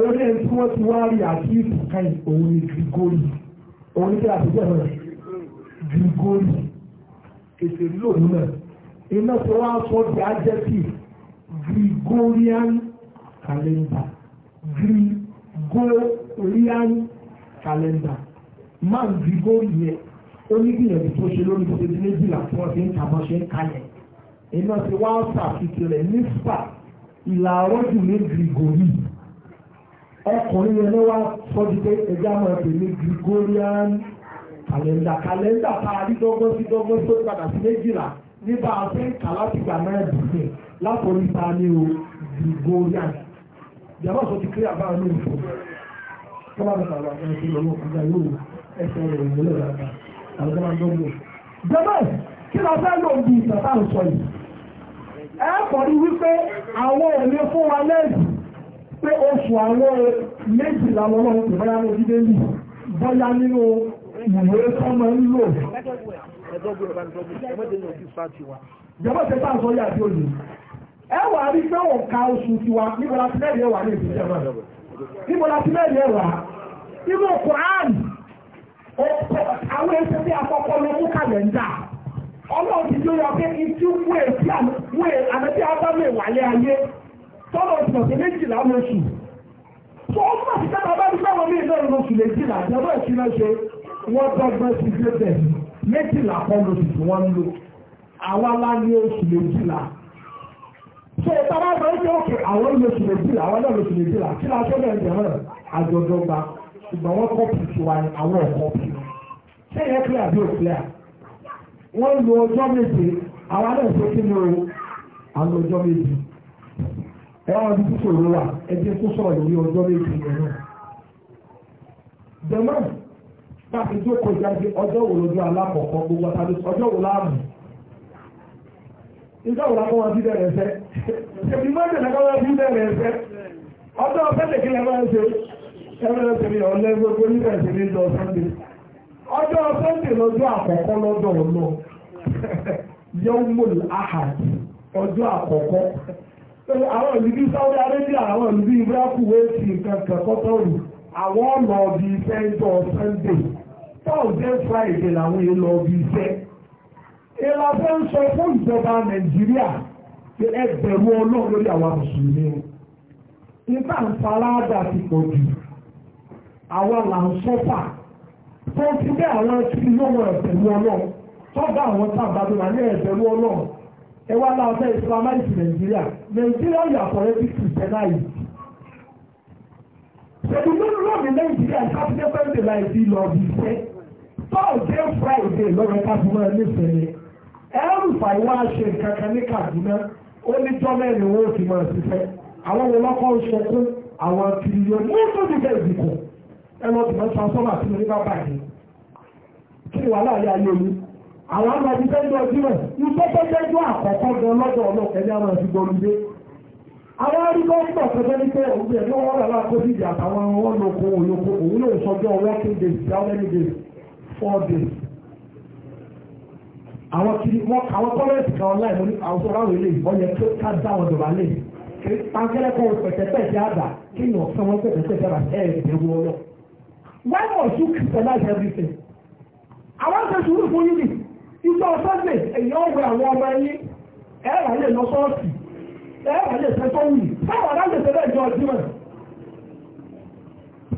orí ẹni tí wọ́n ti wá rí àti ìbùkán òun ni Grigori òun ní kí a ti Grigori ètò ìlú òun náà iná tí wọ́n á sọ di ajẹ́tì Grigorian calendar Grigorian calendar man Grigori yẹn onígbìyànjú tó ṣe lórí ìṣẹ́jú méjìlá tí wọ́n fi ń tàbọ̀ ṣe ń kalẹ̀ iná tí wọ́n á sàfihàn rẹ̀ ní spa ìlà àrọ́jù ní Grigori ọkùnrin yẹn ló wá sọ́jú pé ẹja máa pè ní Gregorian kàlẹ́ndà kàlẹ́ndà tá a rí dọ́gbọ́n sí dọ́gbọ́n tó padà sí méjìlá nígbà tí ń kà láti gbà náà dùn látòrí ta ni o Gregorian ìjàmbá sọ ti kílẹ̀ àbára ní ìfọ̀ kọ́lá mi sàlọ́ àti ẹ̀sìn lọ́wọ́ ọ̀gá yóò ẹ̀sẹ̀ rẹ̀ ìmúlẹ̀ dáadáa àwọn ọmọ ọmọ jẹ́mọ́ kí la fẹ́ lò bí ìtàtà ń sọ yìí ẹ kọ̀ ní wípé àwọn òní pé oṣù àwọn méjìlá lọ́wọ́ ìbára ní ojúdé lì bọ́yá nínú ìwé sọ́mọ ń lò. ṣe Ẹ wà rí pé oṣù níbo la mẹ́rin ẹ̀wà ní ìpínlẹ̀ náà. Níbo mẹ́rin ẹ̀wà? àwọn ẹsẹ̀ tí lọ mú Ọlọ́run ti tọ́lọ̀ ti pàṣẹ méjìlá lóṣù tó ó mọ̀ sí káta bá dúpẹ́ wọn ní ìlú lóṣù méjìlá ìjọba ìṣúná ṣe wọ́n dọ́gbọ́n sí gbẹ́bẹ̀ méjìlá kan lóṣù tí wọ́n ń lò àwa lá ní oṣù méjìlá ṣe ìtara sọ pé òkè àwọn lóṣù méjìlá àwọn náà lóṣù méjìlá kí la tó bẹ̀rẹ̀ jẹ̀rẹ̀ àjọ̀dọ̀ gba ṣùgbọ́n wọ́n kọ́ pìtì wa ni àwọn ọ̀kọ́ pìtì ṣé ìyẹn clear bí ò clear wọ́n lo ọjọ́ méje àwa náà ṣe kí ni o àwọn ọjọ́ méje ẹwọ́n ibi tí sòrò wà ẹbí kó sọ̀rọ̀ lórí ọjọ́ méjì yẹn náà. dèmọ́n láti jókòó ìjáde ọjọ́ wo lójú alákọ̀ọ́kọ́ gbogbo tàbí ọjọ́ wo láàmú. ìjọ wo làwọn wọn ṣèbí wọn ọjọ́ ọ̀fẹ́lẹ̀ kí ṣe ọ̀lẹ́ gbogbo sọ́ndé ọjọ́ sọ́ndé àkọ́kọ́ àwọn ìlú bí Saudi Arabia àwọn ìlú bí ibrahim wéètì nǹkan kẹkọtọrù àwọn ọ̀nà ọ̀bí iṣẹ́ ìjọ Sunday Thursday Friday làwọn èèlò ọ̀bí iṣẹ́ ìlà fẹ́ ń sọ fún ìjọba Nàìjíríà pé ẹgbẹ̀rún ọlọ́run lórí àwọn mùsùlùmí o nígbà ń faláàdà ti pọ̀ jù àwọn là ń sọ́fà tó ti bẹ́ àwọn tí yóò wọ ẹgbẹ̀rún ọlọ́run tọ́gbà àwọn tábàdúrà ní ẹgbẹ̀rún ọlọ́run ẹ wá náà fẹ́ islamic Nigeria Nigeria yàtọ̀ ẹbí christianity ṣèlú lórí lónìí Nigeria sátidé pẹ́ńtẹ̀ láì fi lọ bí iṣẹ́ tọ́ọ̀dé friday lọ́rọ̀ káfí máa nífẹ̀ẹ́ ẹ̀rù fàìwá ṣe kankan ní Kaduna ó ní jọ́mẹ́rin wọn ò fi máa ṣiṣẹ́ àwọn wọn lọ́kọ́ ń ṣokún àwọn tìrìyàn mú tó ti fẹ́ ìdìkọ̀ ẹ lọ́ọ́ tìmọ̀ transformer tí mo ní bá bàjẹ́ kí ni wàhálà yà á yé mi. àwọn àmà ti tẹ́jọ́ ìjìnà iṣẹ́ tẹ́jọ́ àkọ́kọ́ gan lọ́dọ̀ ọlọ́kẹ́ àwọn àti àwọn arígbọ́ ń ní pé òun yẹ wọ́n rà láàkó àtàwọn many days four days àwọn kiri wọn àwọn kọ́lẹ́sì kan ọ̀la àwùjọ ráwọ̀ ilé yẹ kí ká dá wọn dọ̀rọ̀ alẹ́ pẹ̀tẹ́pẹ̀tẹ́ kí ni ọ̀sán wọn pẹ̀tẹ́pẹ̀tẹ́ ọlọ́ why must you crystallize everything ìjọ sunday èyàn wẹ àwọn ọmọ yín ẹ̀rà lè lọ sọ́ọ̀sì ẹ̀rà lè sẹ́tọ́ wù táwọn ará lè tẹ́lẹ̀ ìjọ ọdún rẹ̀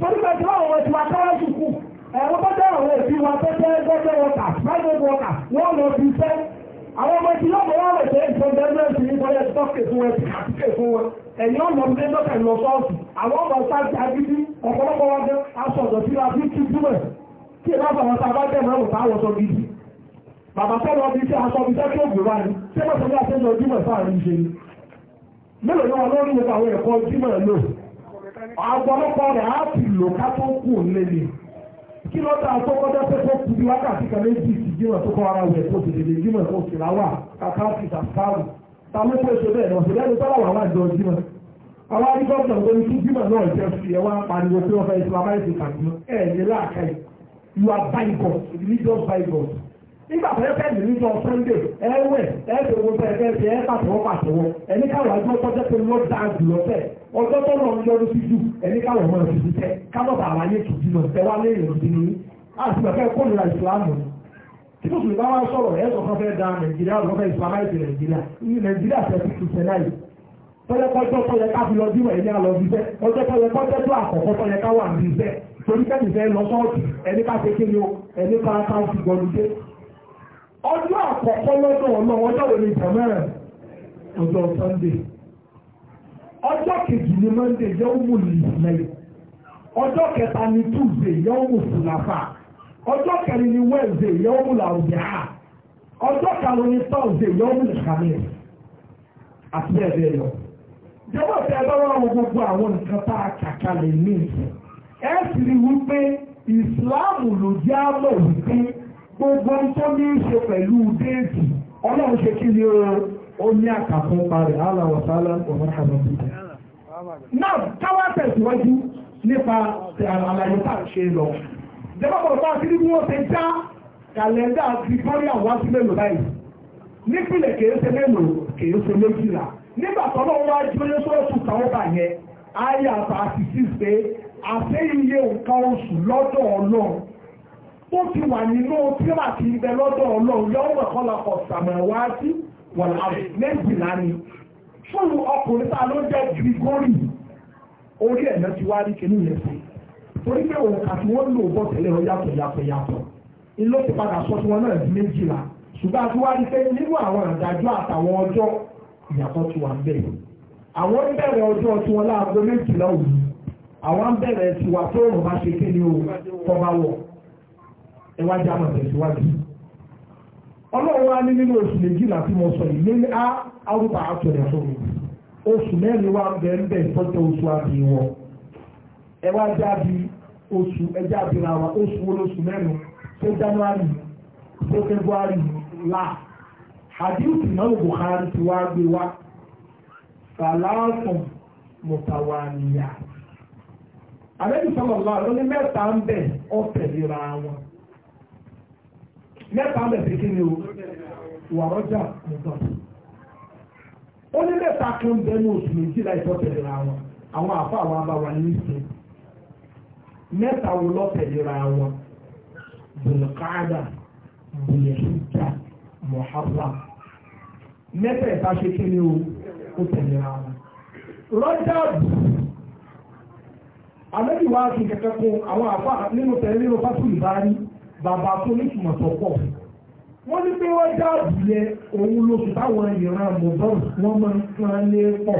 torí bẹ́ẹ̀ tí wọ́n wọ ti wá kára sùkú ẹ̀rọ bá jẹ́ àwọn òbí wa tẹ́tẹ́ gbẹ́gbẹ́ wọ́tà private worker wọ́n lọ fi fẹ́ àwọn ọmọ ti lọ́mọ wọn rẹ̀ tẹ́ ìjọba ẹgbẹ́ ti ní bọ́lẹ̀ tọ́kì fún ẹ àtúkè fún wọn ẹ̀yìn ọ̀nà ọmọdé lọ́kà lọ sọ́ọ̀sì àwọn ọmọ sáàtì agídí ọ̀pọ̀lọpọ̀ wọn jẹ́ aṣọ ọ̀dọ̀ sí wa bí kí túmọ̀ kí ìlànà àwọn sábà jẹ́ mọ́ bàbá sọ́dọ̀ ọdún iṣẹ́ aṣọ́bíṣẹ́ tó gbé wá ní ṣé wọ́n sọ́dọ̀ àti ẹ̀jọ̀ jímọ̀ sáàrin ṣe ni mélòó ni wọn lórí gbogbo àwọn ẹ̀kọ́ jímọ̀ lò ọ̀pọ̀lọpọ̀ rẹ̀ á ti lò ká tó kù lélẹ̀ kí ló dáa tó kọjá pé kó kú bí wákàtí kan méjì sí jímọ̀ tó kọ́ ara rẹ̀ tó tètè jímọ̀ tó sì láwà kàkà sí sàfáàrù ta ló pé ṣe bẹ́ẹ̀ lọ́sẹ̀ lẹ́nu tọ́lá wà láàjọ jímọ̀ àwọn adigunjọ lórí tí jímọ̀ náà jẹ́ fi ẹ̀ wá pariwo pé wọ́n fẹ́ islamize kàdúrà ẹ̀ ní you are bigot religious bigot nígbà tó yẹ fẹ́ mi níjọ sunday ẹ̀wẹ̀ ẹ̀ẹ́dẹ̀ fẹ́ fẹ́ ẹ̀ pàtẹ́wọ́ pàtẹ́wọ́ ẹni káwọn ọjọ́ tọ́jọ́ pé ló dáa jùlọ fẹ́ ọjọ́ tó lọ ń yọrù jù ẹni káwọn ọmọ rẹ̀ fi tẹ́ káwọn bàbá ayé tù jùlọ fẹ́ wá lé èrò sí ni àti bàbá ẹ̀kọ́ nira ìsìlámù tí mo sì bá wá sọ̀rọ̀ ẹ̀ sọ fẹ́ da nàìjíríà lọ fẹ́ ọjọ́ àkọ́kọ́ lọ́dọ̀ ọlọ́run ọjọ́ wo ni ìjàmọ́ rẹ̀ ọjọ́ sunday ọjọ́ kejì ni monday yóò mú lẹ́yìn ọjọ́ kẹta ni tuesday yóò mú fúlàfà ọjọ́ kẹrin ni wednesday yóò mú làwùjá ọjọ́ karùn-ún ni thursday yóò mú lẹ́kàmẹ́ àti bẹ́ẹ̀ bẹ́ẹ̀ lọ. jọ̀wọ́ tí ẹ bá wà wọ gbogbo àwọn nǹkan tá a kàkà lè ní ìsìn ẹ sì rí wípé ìsìláàmù ló jẹ́ àmọ̀ wípé gbogbo tó ní í ṣe pẹ̀lú déètì ọlọ́run ṣe kí ni ó ní àkàkùn parí aláwọ̀sálá ọ̀mọ́kàlọ́bí náà káwá tẹ̀síwájú nípa àlàyé tá à ń ṣe lọ jẹ́pọ̀ pọ̀ bá kiri bí wọ́n ṣe já kàlẹ́ndà gregorian wá sí mélòó báyìí nípìnlẹ̀ kèé ṣe mélòó kèé ṣe méjìlá nígbà tọ́lọ́ wá jóyé sọ́ọ̀tù táwọn bà yẹn ayé àtàkì sí pé àṣẹ iye nǹkan oṣù lọ́dọ̀ ọlọ́run tó ti wà nínú tíra ti ibẹ̀ lọ́dọ̀ ọlọ́run yọ́wọ́ kọ́lá kọ̀ ti wá rí kinú yẹn sí torí pé òun àti wọ́n lò bọ́ tẹ̀lé ọ yàtọ̀ yàtọ̀ yàtọ̀ ilé ti padà sọ tiwọn náà di méjìlá ṣùgbọ́n àti wá rí pé nínú àwọn àdájọ́ àtàwọn ọjọ́ ìyàtọ̀ ti wà ń bẹ̀ àwọn ń bẹ̀rẹ̀ ọjọ́ tiwọn láago méjìlá òru àwọn ń bẹ̀rẹ̀ tiwa tó òun bá ṣe kí ni o kọ́ bá ẹwájú àmọ̀ tẹ̀síwájú. ọlọ́run wa ní nínú oṣù méjìlá tí mọ sọ yìí lé a arúgbó àtọ̀rẹ̀ fún mi oṣù mẹ́rin wa bẹ́ẹ̀ ń bẹ̀ oṣù àbí wọn ẹwájú àbí oṣù ẹjẹ́ àbíra wa oṣù wo lóṣù mẹ́rin ṣé January ṣé February la náà ti wá gbé wa ní mẹ́ta ń wọn mẹ́ta mẹ́ta kí ni o wà rọ́jà ó ní mẹ́ta kan bẹ́ẹ̀ ní oṣù méjìlá ìfọ́tẹ̀lẹ̀ àwọn àwọn àfa àwọn abáwa ní ìṣe mẹ́ta wo lọ́tẹ̀lera wọn bùnkáàdà bùnẹ̀hìjà mọ̀hábà mẹ́ta ìta ṣe kí ni o ó tẹ̀lera wọn. rọ́jà bù wa kì kẹ́kẹ́ kún àwọn nínú tẹ̀lé nínú fásitì bàbá tó ní ìtumọ̀ tó pọ̀ wọ́n ní pé wọ́n dá àbúyẹ òun lóṣù táwọn ìran mọ̀dọ́rù wọ́n máa ń kan lé pọ̀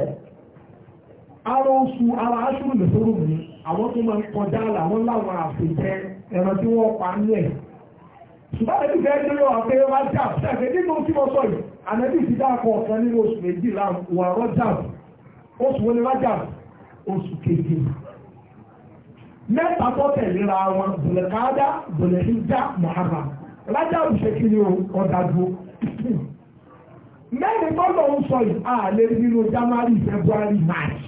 ara oṣù ara aṣùrù lẹ́sọ̀rọ̀ mi àwọn tó máa ń kọjá làwọn láwọn àfẹ́jẹ́ ẹ̀rọ tí wọ́n pa ní ẹ̀ ṣùgbọ́n ẹbí fẹ́ dúró àpé wá jà ṣẹ̀fẹ̀ nínú tí mo sọ yìí ànẹ́bí ti dáàkọ̀ ọ̀kan nínú oṣù méjìlá wà rọ́jà oṣù wọn ni wá jà oṣù kejì mẹ́ta tó tẹ̀léra wọn bùlẹ̀kádá bùlẹ̀híjá mọ̀hárà rájà òṣèkiri ọ̀dàdúró mẹ́rin tó lọ ń sọ yìí àlè nínú January February March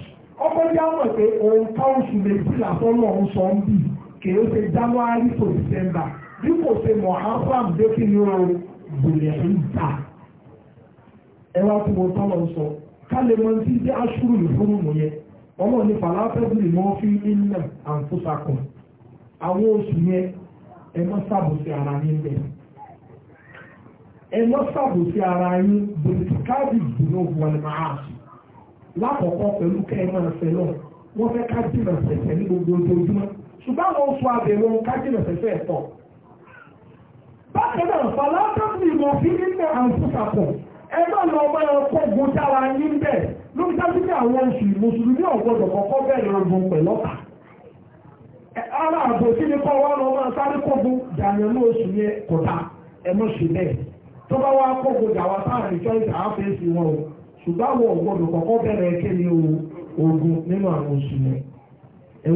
ọkọ jẹ́ àwọn pé òun ká oṣù méjìlá tó ń sọ ń bì kìí ṣe January to December bí kò ṣe ẹ wá mo tọ́ lọ sọ ká lè mọ yẹn. ọlọ́run ní fàlàfẹ́sìlì mọ́ fi nílẹ̀ àǹfóṣakùn àwọn oṣù yẹn ẹ mọ́ ṣàbòsí ara yín bẹ́ẹ̀ ẹ mọ́ ṣàbòsí ara yín bòlìtìkáàdì ìdùnnú wọlé máa sùn lákọ̀ọ́kọ́ pẹ̀lú kẹ́ẹ̀mọ́ ẹ̀fẹ́ náà wọ́n fẹ́ ká jìnà sẹ̀sẹ̀ ní gbogbo ojoojúmọ́ ṣùgbọ́n àwọn oṣù àbẹ̀wò ká jìnà sẹ̀sẹ̀ ẹ̀tọ́ bákan náà fàlàfẹ́sìlì mọ́ fi nílẹ̀ àǹfóṣakùn ẹ má lọ máa kọ́ gbọ́dára yín bẹ́ẹ̀ lórí dájú àwọn oṣù mùsùlùmí ọ̀gbọ́dọ̀ kọ́kọ́ bẹ̀rẹ̀ ogun ara àbò tí ní kọ́ wọn lọ sáré kógun dànù ní oṣù yẹn kò dá ẹnu sí bẹ́ẹ̀ tó bá wá kógun dàwa wọn o ṣùgbọ́n àwọn ọ̀gbọ́dọ̀ kọ́kọ́ bẹ̀rẹ̀ ogun nínú àwọn oṣù yẹn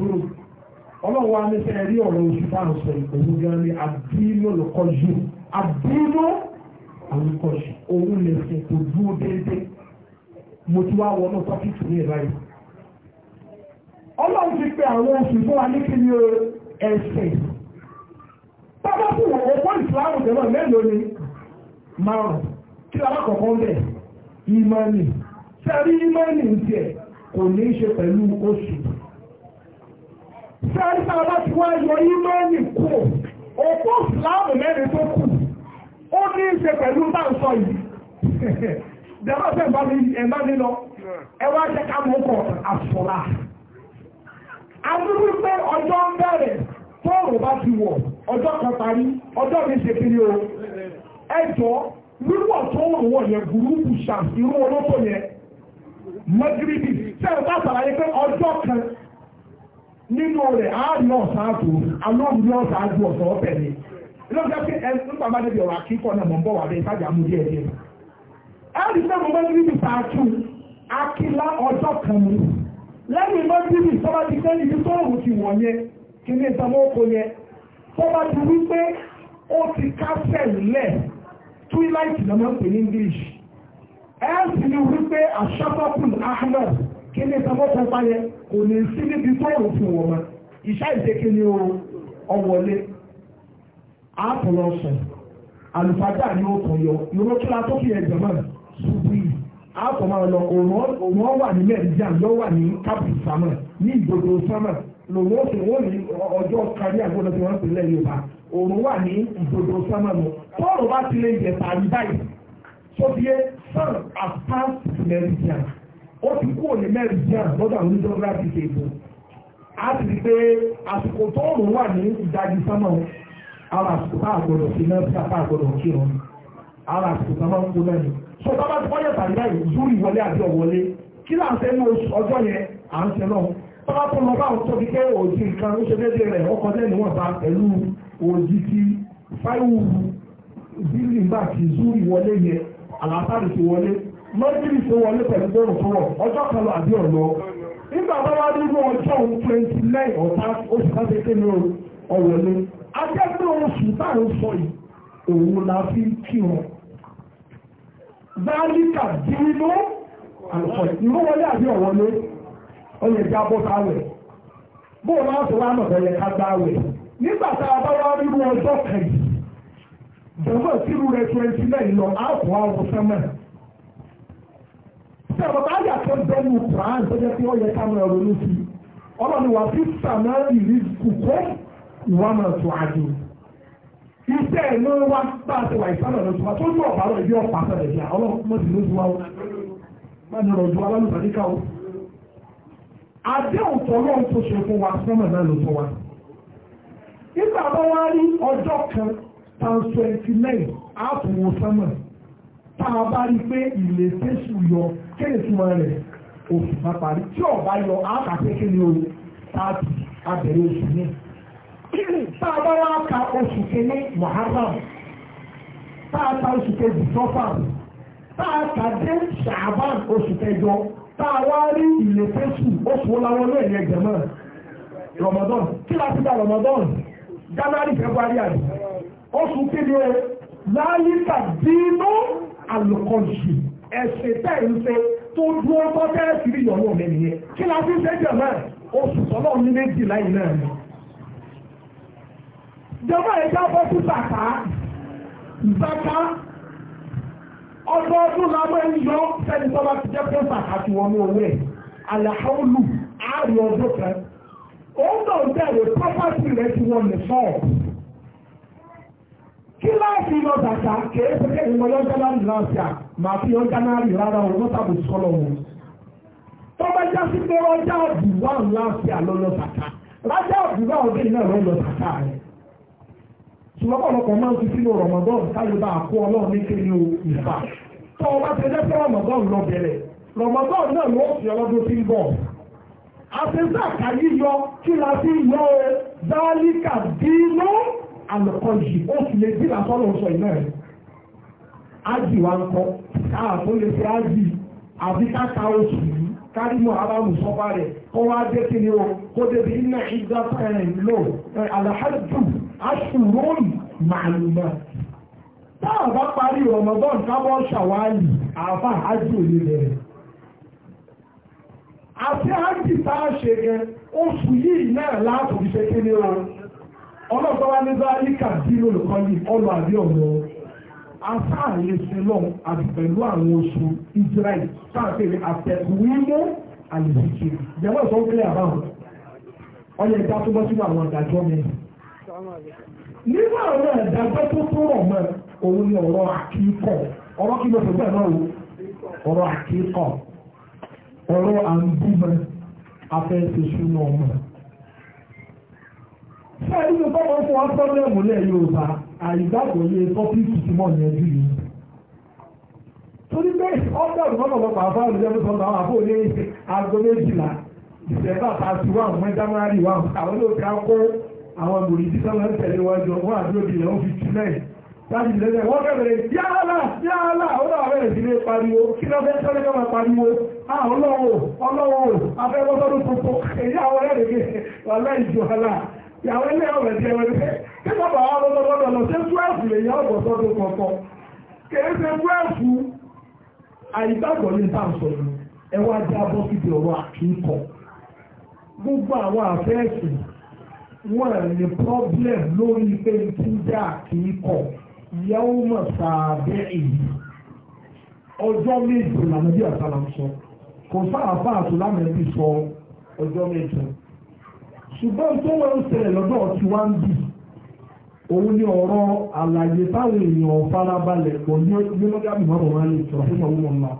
ẹ wá ọlọ́run wa ní sẹ́yìn rí ọ̀rọ̀ oṣù táwọn sọ ìpòwò gan ni àbínú lọ́kọ́jú àbínú àlùkọ́jú òun lè fi kò dúró déédéé mo ti wá wọnú tọ́kìtì ní ìbáyìí. ọlọ́run ti pe àwọn oṣù fún wa ní kí ni ẹsẹ̀ bàbá fún wọn ọgbọ́n ìsìláàmù tẹ̀lé mélòó ni márùn kí lábá kọ̀ọ̀kan bẹ̀ ìmọ̀ọ́nì sẹ́rí ìmọ̀ọ́nì ń tiẹ̀ kò ní í ṣe pẹ̀lú oṣù sẹ́rí tá a bá ti wá yọ ímẹ́ẹ̀lì kù òkú ìsìláàmù mẹ́rin tó kù ó ní í ṣe pẹ̀lú bá ń sọ yìí dẹ́gbà fẹ́ ẹ̀bá mi lọ ẹ wá jẹ́ ká mọ̀ kọ̀ àfọ̀lá adúrú pé ọjọ́ ń bẹ̀rẹ̀ tóòrùn bá ti wọ̀ ọjọ́ kan parí ọjọ́ mi ṣe kiri o ẹ jọ wíwọ̀ tóòrùn wọ̀ yẹn burúkú ṣàfihàn olóko yẹn mọ́gíríbì sẹ́yìn bá sàlàyé pé ọjọ́ kan nínú rẹ̀ àárín ọ̀sán àtò alóòrùn ọ̀sán àjò ọ̀sán ni lọ́jọ́ pé nípa bá ọ̀rọ̀ àkíkọ̀ náà mọ̀ ń bọ̀ wà bẹ́ẹ̀ sájà mú díẹ̀ díẹ̀ ẹni pé mo mọ́tí akílá ọjọ́ kan lẹ́yìn sọ́ba ti fẹ́ ti wọ̀ yẹn kí ní ìsanwó oko yẹn sọ́ba ti wí pé ó ti kásẹ̀ lẹ̀ lọ́mọ pè ní kò ní sí níbi tó rò fún wọn mọ́ ìṣá ìṣèké ni ọwọ́lé àpọ̀lọ sùn àlùfáàjà ni ó kàn yọ ìró kí la tó fi ẹ̀jẹ̀ mọ́ ṣubú yìí àpọ̀ máa lọ òun ọ wà ní mẹ́rìndínlá lọ wà ní kápù sámà ní ìgbòdo sámà lòun ó sì wọ́n ní ọjọ́ kárí àgbọ̀dọ̀ tí wọ́n ti lẹ́ Yorùbá òun wà ní ìgbòdo sámà lọ tọ́ọ̀rù bá ti lè jẹ̀ tàbí báyìí sọ́fíẹ́ sàn àpá mẹ́rìndínlá o ti kú òní mẹ́rin díà a ti rí pé àsìkò tó ń wà ní ìdajì sámọ̀ ara àsìkò a sí mẹ́rin tá a kí wọn ara àsìkò máa ń kó mẹ́rin bá ti wáyé tàbí báyìí zúrì wọlé àti ọ̀wọ́lé kí là ń fẹ́ ní ọjọ́ yẹn à ń fẹ́ náà bá tó lọ bá àwọn tóbi pé òjì nǹkan ó ṣe déédéé mọ́tìrì tó wọlé pẹ̀lú bóòrùn tó wọ̀ ọjọ́ lọ àbí ọ̀lọ́ nígbà bá wá ní inú ọjọ́ òun twenty nine ọ̀tá oṣù ká tètè ní ọ̀wọ̀lé akẹ́kọ̀ọ́ oṣù táwọn sọ yìí òun la fi kí wọn. ìlú wọlé àbí ọyẹ ká Nígbà tá a bá wá ọjọ́ ṣe àbàtà àyà tó bẹ́nu Quran tó jẹ́ pé yẹ ká máa ronú sí i ọlọ́ni wà fi sàmà ìrí kùkọ́ ìwà máa tó àjò iṣẹ́ bá a wà ìsàlẹ̀ lọ́sùn wa tó ní ọ̀bá rẹ̀ bí ọ̀pá ọlọ́run wa tó ṣe fún wa tá a bá rí pé ìlè tẹ́sù yọ kéde túmọ̀ rẹ̀ oṣù bá parí tí ọba yọ àkàtẹ́ kéde o tààtì abẹ̀rẹ̀ oṣù ní. tá a bá wá ka oṣù kéde Muharram tá a ta oṣù kejì sọ́fà tá a ta dé Ṣàbán oṣù kẹjọ tá a wá rí ìlè tẹ́sù oṣù láwọn lóyìn ẹgbẹ̀ mọ́ Ramadan kí láti gba Ramadan January February oṣù kéde láyé tàbí nù alùkọ̀jù ẹ̀sìn tẹ̀ ń ṣe tó dúró tó tẹ́ sí rí ìyọ̀nù mi nìyẹn kí la fi ń ṣe jẹ̀ náà oṣù sọ́nà ní méjì láyé náà ni. jọba ẹja bọ́ sí bàtà bàtà ọdọọdún la máa ń yọ sẹ́ni tó bá ti jẹ́ pé bàtà ti wọnú owó ẹ̀ àlàáhùlù àárín ọdún kan òun náà bẹ̀rẹ̀ pápá sí rẹ̀ ti wọ́n ní sọ́ọ̀bù kíláàsì lọ bàtà kèé pẹ́kẹ́ ìmọ̀ yọ jánárì láti à máa fi yọ jánárì rárá o wọ́n tàbí sọ́lọ̀ wọn. tọ́ba já sí pé ọjà àbúwá láti à lọ́lọ́ bàtà rájà àbúwá ọdẹ náà lọ́lọ́ bàtà rẹ̀. ṣùgbọ́n ọ̀pọ̀lọpọ̀ máa ń fi sínú rọ̀mọ̀dọ́n kálíbà àkó ọlọ́run ní kéde ìfà tọ́ba ti dẹ́ fẹ́ rọ̀mọ̀dọ́n lọ bẹ̀rẹ̀ rọ̀mọ̀dọ́n náà ló àlọ́kọ́ yìí ó sì lè dìlà sọ́lọ̀ sọ iná rẹ̀ ájì wa ń kọ́ káà tó lè fi ájì àbí káka oṣù yìí kárí mọ́ aráàlú sọ́pá rẹ̀ kó wá dé kí ni o kó débi iná ìgbà fẹ́rẹ̀ lò alahadu aṣùrún màlúmá táà bá parí Ramadan kábọ̀ ṣàwálì àbá ájì òye rẹ̀ àti ájì tá a ṣe yẹn oṣù yìí náà láàbò ìṣẹ́kí ni o. ọlọ́pàá wa ní záríkà bí olùkọ́ni ọlọ́ àbí ọ̀rọ̀ afáàlẹ́ sílọ̀ àti pẹ̀lú àwọn oṣù Israel sáàpèrè àtẹ̀wémọ́ àlèṣìṣe jẹ́wọ́ sọ pé àbáwọn ọyẹ ìta tó bọ́ sínú àwọn àdájọ́ mi. àwọn àdájọ́ tó tó rọ̀ mọ́ òun ni ọ̀rọ̀ àkíkọ̀ ọ̀rọ̀ kí ló náà ọ̀rọ̀ Ṣé nínú bọ́ọ̀mù fún wa pọ́blẹ́mù lẹ̀ Yorùbá àìgbàgbọ́ yẹ tọ́pìkì tí mọ̀ yẹn jù yìí. Torí pé ọ́dọ̀rù lọ́pọ̀lọpọ̀ àfáà olùjẹ́ ló sọ̀rọ̀ àwọn àfóòlé aago méjìlá ìṣẹ̀bá àti wà mọ́ jámárì wà àwọn olóòkè akó àwọn gbòòrì tí sọ́nà ń tẹ̀lé wọn jọ wọn àti òbí lẹ́wọ́n fi tì náà. Láti ìlẹ́lẹ̀ wọ́n kẹ́bẹ̀rẹ̀ yálà yálà àwọn àwọn ìdílé pariwo kí lọ fẹ́ sọ́lé kọ́ máa pariwo ọlọ́wọ́ ọlọ́wọ́ afẹ́wọ́sọ́dún tuntun èyí àwọn ẹ̀rẹ̀gẹ̀ wà láì jù hàlà ìyàwó ilé ọ̀rẹ́ ti ẹ̀rẹ́ pé kí wọ́n bá wọn lọ́dọ̀ lọ́dọ̀ lọ ṣé túwẹ́ẹ̀fù lè yẹ ọ̀gbọ̀n sọ́dún kọ̀ọ̀kan ṣe ní ẹ wá abọ́ síbi gbogbo àwọn àfẹ́ẹ̀sì wọn ní problem lórí ṣùgbọ́n tó wọ́n ń ṣẹlẹ̀ lọ́dọ̀ tí wá ń bì òun ni ọ̀rọ̀ àlàyé táwọn èèyàn farabalẹ̀ pọ̀ ní onímọ̀gábì mọ́mọ́ máa ń lè sọ̀rọ̀ fún ọmọ ọmọ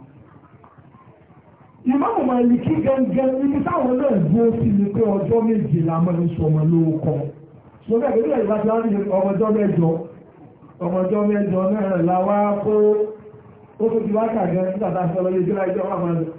ìmọ̀mọ̀ máa lè kí gẹ́gẹ́ ibi táwọn náà gbó sí ni pé ọjọ́ méje la máa ń sọ ọmọ lóko ṣùgbọ́n ìgbà tí wọ́n rí ọmọjọ́ mẹ́jọ ọmọjọ́ mẹ́jọ náà làwọn á kó ó tó ti wá kàgẹ́ nígbà tá a sọ lọ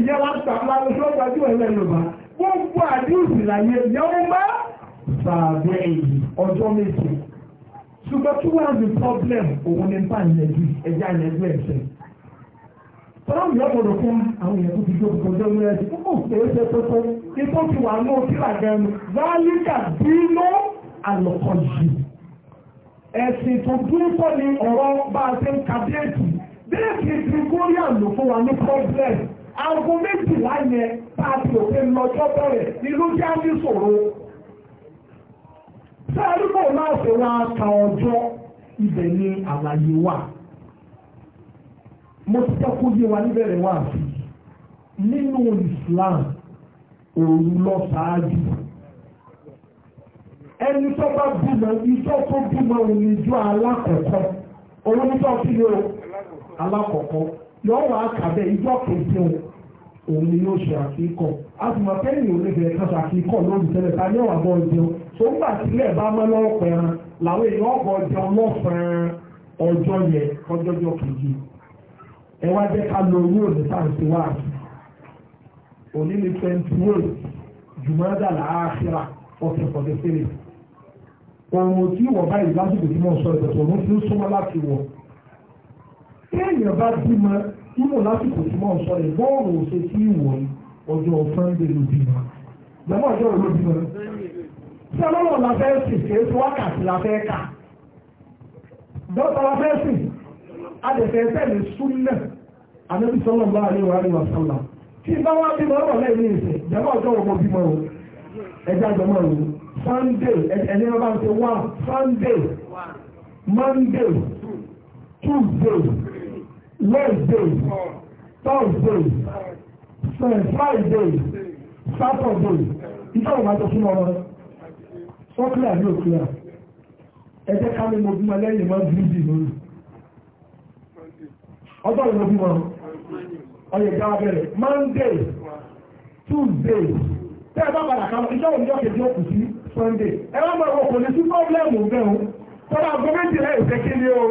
ìyá láńtà láàrín tó gbajú ẹ̀rẹ́ yorùbá gbogbo àdíùsì láyé yẹ́wọ́n bá sàbẹ̀ èyí ọjọ́ méje ṣùgbọ́n kí wọ́n á di problem òun ní bá ìyẹ̀dù ẹ̀já ìyẹ̀dù ẹ̀sẹ̀ tọ́lámù yóò gbọdọ̀ fún àwọn èèyàn tó ti jó gbogbo ọjọ́ múlẹ̀ ẹ̀sìn kókò ṣeé ṣe tótó ipò ti wà ní òkè làgẹ̀nu zálíkà bínú àlọ́kọ̀ yìí ẹ̀sìn tó dúró kọ́ ni ọ̀rọ̀ bá a ṣe ń ka déètì déètì gregorian ló fún wa ní problem aago méjìlá yẹn tá a ti òfin lọ́jọ́ bẹ̀rẹ̀ ni ló jẹ́ àmì ìṣòro sẹ́ẹ̀rí mò ń máa ṣòro àka ọjọ́ ibẹ̀ ni àlàyé wà mo ti tẹ́kù yé wa níbẹ̀rẹ̀ wá sí nínú Islam òun lọ ṣáájú ẹni tó bá bímọ ìjọ tó bímọ òun ìjọ alákọ̀ọ́kọ́ òun ìjọ kí o alákọ̀ọ́kọ́ yọ̀ọ́ wà á kà bẹ́ẹ̀ ìjọ kejì òun òun ni yóò ṣe àkíkọ̀ a sì mọ̀ kẹ́yìn òun lè bẹ̀rẹ̀ kan ṣàkíkọ̀ lórí tẹ́lẹ̀ ta ní ọ̀wà bọ́ jẹun tó ń gbà sílẹ̀ bá mọ́ lọ́wọ́ pẹ̀ràn làwọn èèyàn ọ̀bọ̀ jẹun lọ́sàn-án ọjọ́ yẹn ọjọ́jọ́ kejì ẹ wá jẹ́ ká lọ owó òní táǹtì wá àti òní ni twenty eight jùmọ́dà làásìrà ọ̀sẹ̀ fọ̀dẹ̀ sílẹ̀ òun tí wọ̀ báyìí lásìkò tí wọ́n sọ ìtẹ̀sọ̀ ìmù lásìkò tí mò ń sọ yìí bọ́ọ̀lù ò ṣe tí ìwọ̀ yìí ọjọ́ sunday ló bímọ lẹ́mọ̀ ọjọ́ ló bímọ tí ọlọ́run la fẹ́ sìn kí èso wákàtí la fẹ́ kà dọ́tà la fẹ́ sìn adẹ̀fẹ́ tẹ̀lé súnlẹ̀ ànábì sallallahu alaihi wa sallam tí bá wá bímọ ọ̀rọ̀ lẹ́yìn ìsẹ̀ lẹ́mọ̀ ọjọ́ ló bímọ o ẹja jọmọ o sunday ẹni ọba ń ṣe wá sunday monday tuesday. Wednesday, Thursday, Friday, Saturday, iṣẹ́ òun àjọ súnmọ́ ọmọ rẹ̀. Sọ́kìlà ní òkìlà, ẹ jẹ́ ká lè mo bímọ lẹ́yìn mọ́ bíbí lórí. Ọjọ́ ìwọ bímọ, ọyẹ ìjà abẹ́rẹ́, Monday, Tuesday, tẹ́ ẹ bá padà ká lọ, iṣẹ́ òun jọ́ kejì òkú sí Sunday. Ẹ bá mọ̀ ọkọ̀ ní sí pọ́blẹ́mù bẹ́ẹ̀ o, tọ́lá agbọ́mẹ́jì láì fẹ́ kí ni o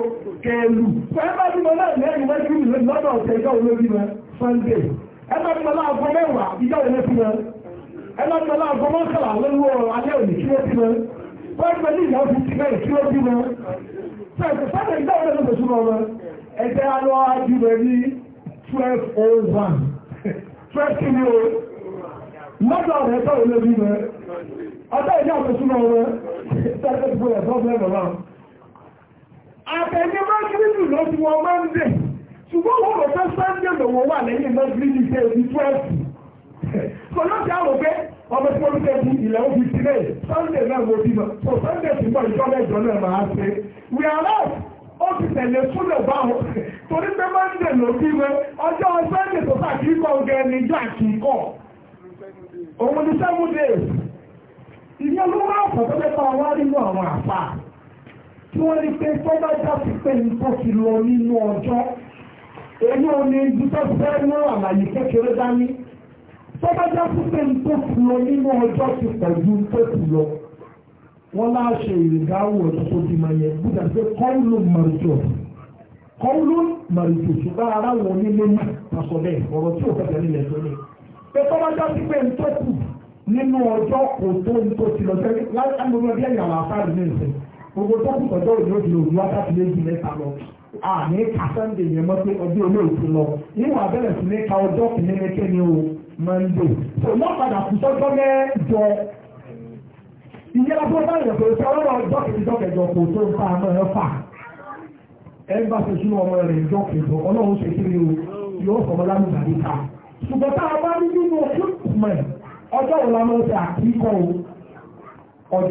kẹ́ẹ̀lù ẹgbẹ́ bímọ náà lẹ́yìn wẹ́jú lọ́dọ̀ ọ̀tẹ̀ ìjọ olóbi mọ sunday ẹgbẹ́ bímọ náà gbọ́ mẹ́wàá ìjọ olóbi mọ ẹgbẹ́ bímọ náà gbọ́ mọ́kànlá lọ́wọ́ alẹ́ òní kí ó bímọ pọ́ńpẹ́ ní ìyá fi kíkẹ́ kí ó bímọ sọ́dọ̀ ìjọ olóbi mọ ẹgbẹ́ alọ́ ajúmọ̀ ní twelve oh one twelve kìíní o lọ́dọ̀ ọ̀rẹ́ ẹ̀tọ́ olóbi mọ ọjọ́ ìjọ olóbi mọ ọ̀rẹ́ àtẹ̀yẹ mọ́gírìbì ló ti wọ mọ́ndé ṣùgbọ́n wọ́n rò pé sànńdé lòun wà lẹ́yìn mọ́gírìbì tẹ̀ ní twelve kọlọ́sì àrò pé ọmọ tí wọ́n ti tẹ̀sí ilẹ̀ ó fi sílẹ̀ sànńdé náà mo bímọ so sànńdé tí mo ìjọ mẹ́jọ náà máa ṣe we are not ó ti tẹ̀lé súnlẹ̀ báwọn torí pé mọ́ndé ló bímọ ọjọ́ sànńdé tó sà kí kọ́ gẹ níjọ́ àkíkọ́ òun ni seven days ìyẹn ló wá ọ̀pọ̀ tó fẹ́ pa ọwọ́ nínú àwọn àfáà tí wọ́n rí pé tó bá jáde pé ní tó ti lọ nínú ọjọ́ èyí ò ní ibi tó fẹ́ ní àlàyé kékeré dání tó bá jáde pé ní tó ti lọ nínú ọjọ́ ti pẹ̀lú tó ti lọ wọ́n máa ṣe ìrìngáwò ọ̀tọ̀tọ̀ di ma yẹ búdà pé kọ́ńlù mọ̀rìjọ kọ́ńlù mọ̀rìjọ ṣùgbọ́n ara wọn nílé ní pàṣọ bẹ́ẹ̀ ọ̀rọ̀ tí ò fẹ́ tẹ̀lé ilẹ̀ tó ní. pé tó bá jáde pé ní tó kù nínú ọjọ́ kò tó ní tó ti lọ sẹ́yìn láti àgbègbè bí ẹ̀yà wà á fáàlì ní ìsìn gbogbo tọ́kù tọ́jọ́ òní òdì òdì wákàtí méjì mẹ́ta lọ àmì ká sànńdé yẹn mọ́ pé ọdún olóòtú lọ níwọ̀n abẹ́rẹ́ sí ní ka ọjọ́ kìíní ní kíni o mọ́ndé tó lọ́ padà kú tọ́jọ́ mẹ́jọ ìyẹn abúlé bá yẹ kó sọ́wọ́ ọjọ́ kìíní tọ́kẹ̀jọ kò tó ń fa àmọ́ ẹ fà ẹ ń bá sojú ọmọ rẹ̀ ìjọ kìíní ọlọ́run ṣe kí ni o yóò fọmọ lánàá ká ṣùgbọ́n tá a bá ní nínú ọjọ́ ìkùnmọ̀ ọjọ́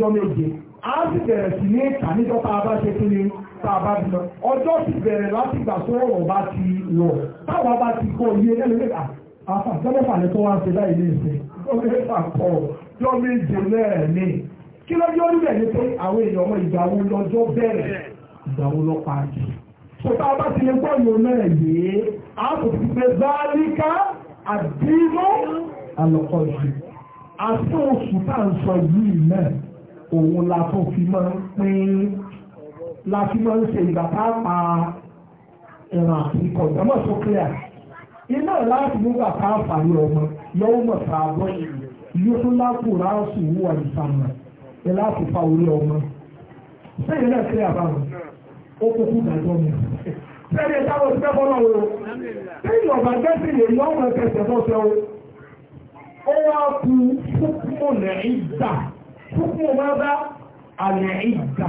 òun a sì bẹ̀rẹ̀ sí ní kàníjọ́ tá a bá ṣe kí ni tá a bá ti lọ ọjọ́ sì bẹ̀rẹ̀ láti ìgbà tó ọ̀rọ̀ bá ti lọ táwa bá ti kọ iye lẹ́lẹ́lẹ́ àfà tẹ́lẹ̀fà ni tó wá ń ṣe láì ní ìsìn ó lè fà kọ́ yọ méje lẹ́ẹ̀ni kí lọ́jọ́ níbẹ̀ ni pé àwọn èèyàn ọmọ ìgbà wo lọ́jọ́ bẹ̀rẹ̀ ìgbà wo lọ́ parí sọ̀tà bá ti lè gbọ́ yòó a kò fi pé záríká àdínú àlọ́kọ̀ọ́sù náà òun la tó fi máa ń pín la fi máa ń ṣe ìgbà pápá ẹ̀ràn àtìkọ̀ ìdámọ̀ tó clear iná láti nígbà tá a fàyè ọmọ yọwọ́ mọ̀ tá a gbọ́ ìlú tó lápò ráàsù wúwà ìsàmà ẹ̀ láti fa orí ọmọ sẹ́yìn náà clear báwọn ó kókó dájọ́ mi sẹ́yìn táwọn ti fẹ́ bọ́lá o sẹ́yìn ọ̀bà gẹ́sì lè yọ ọmọ ẹ̀kẹ́sẹ̀ bọ́sẹ̀ o ó wá ku fúnmọ̀lẹ̀ ìgbà fúnkún wọn bá àlẹ́ ìgbà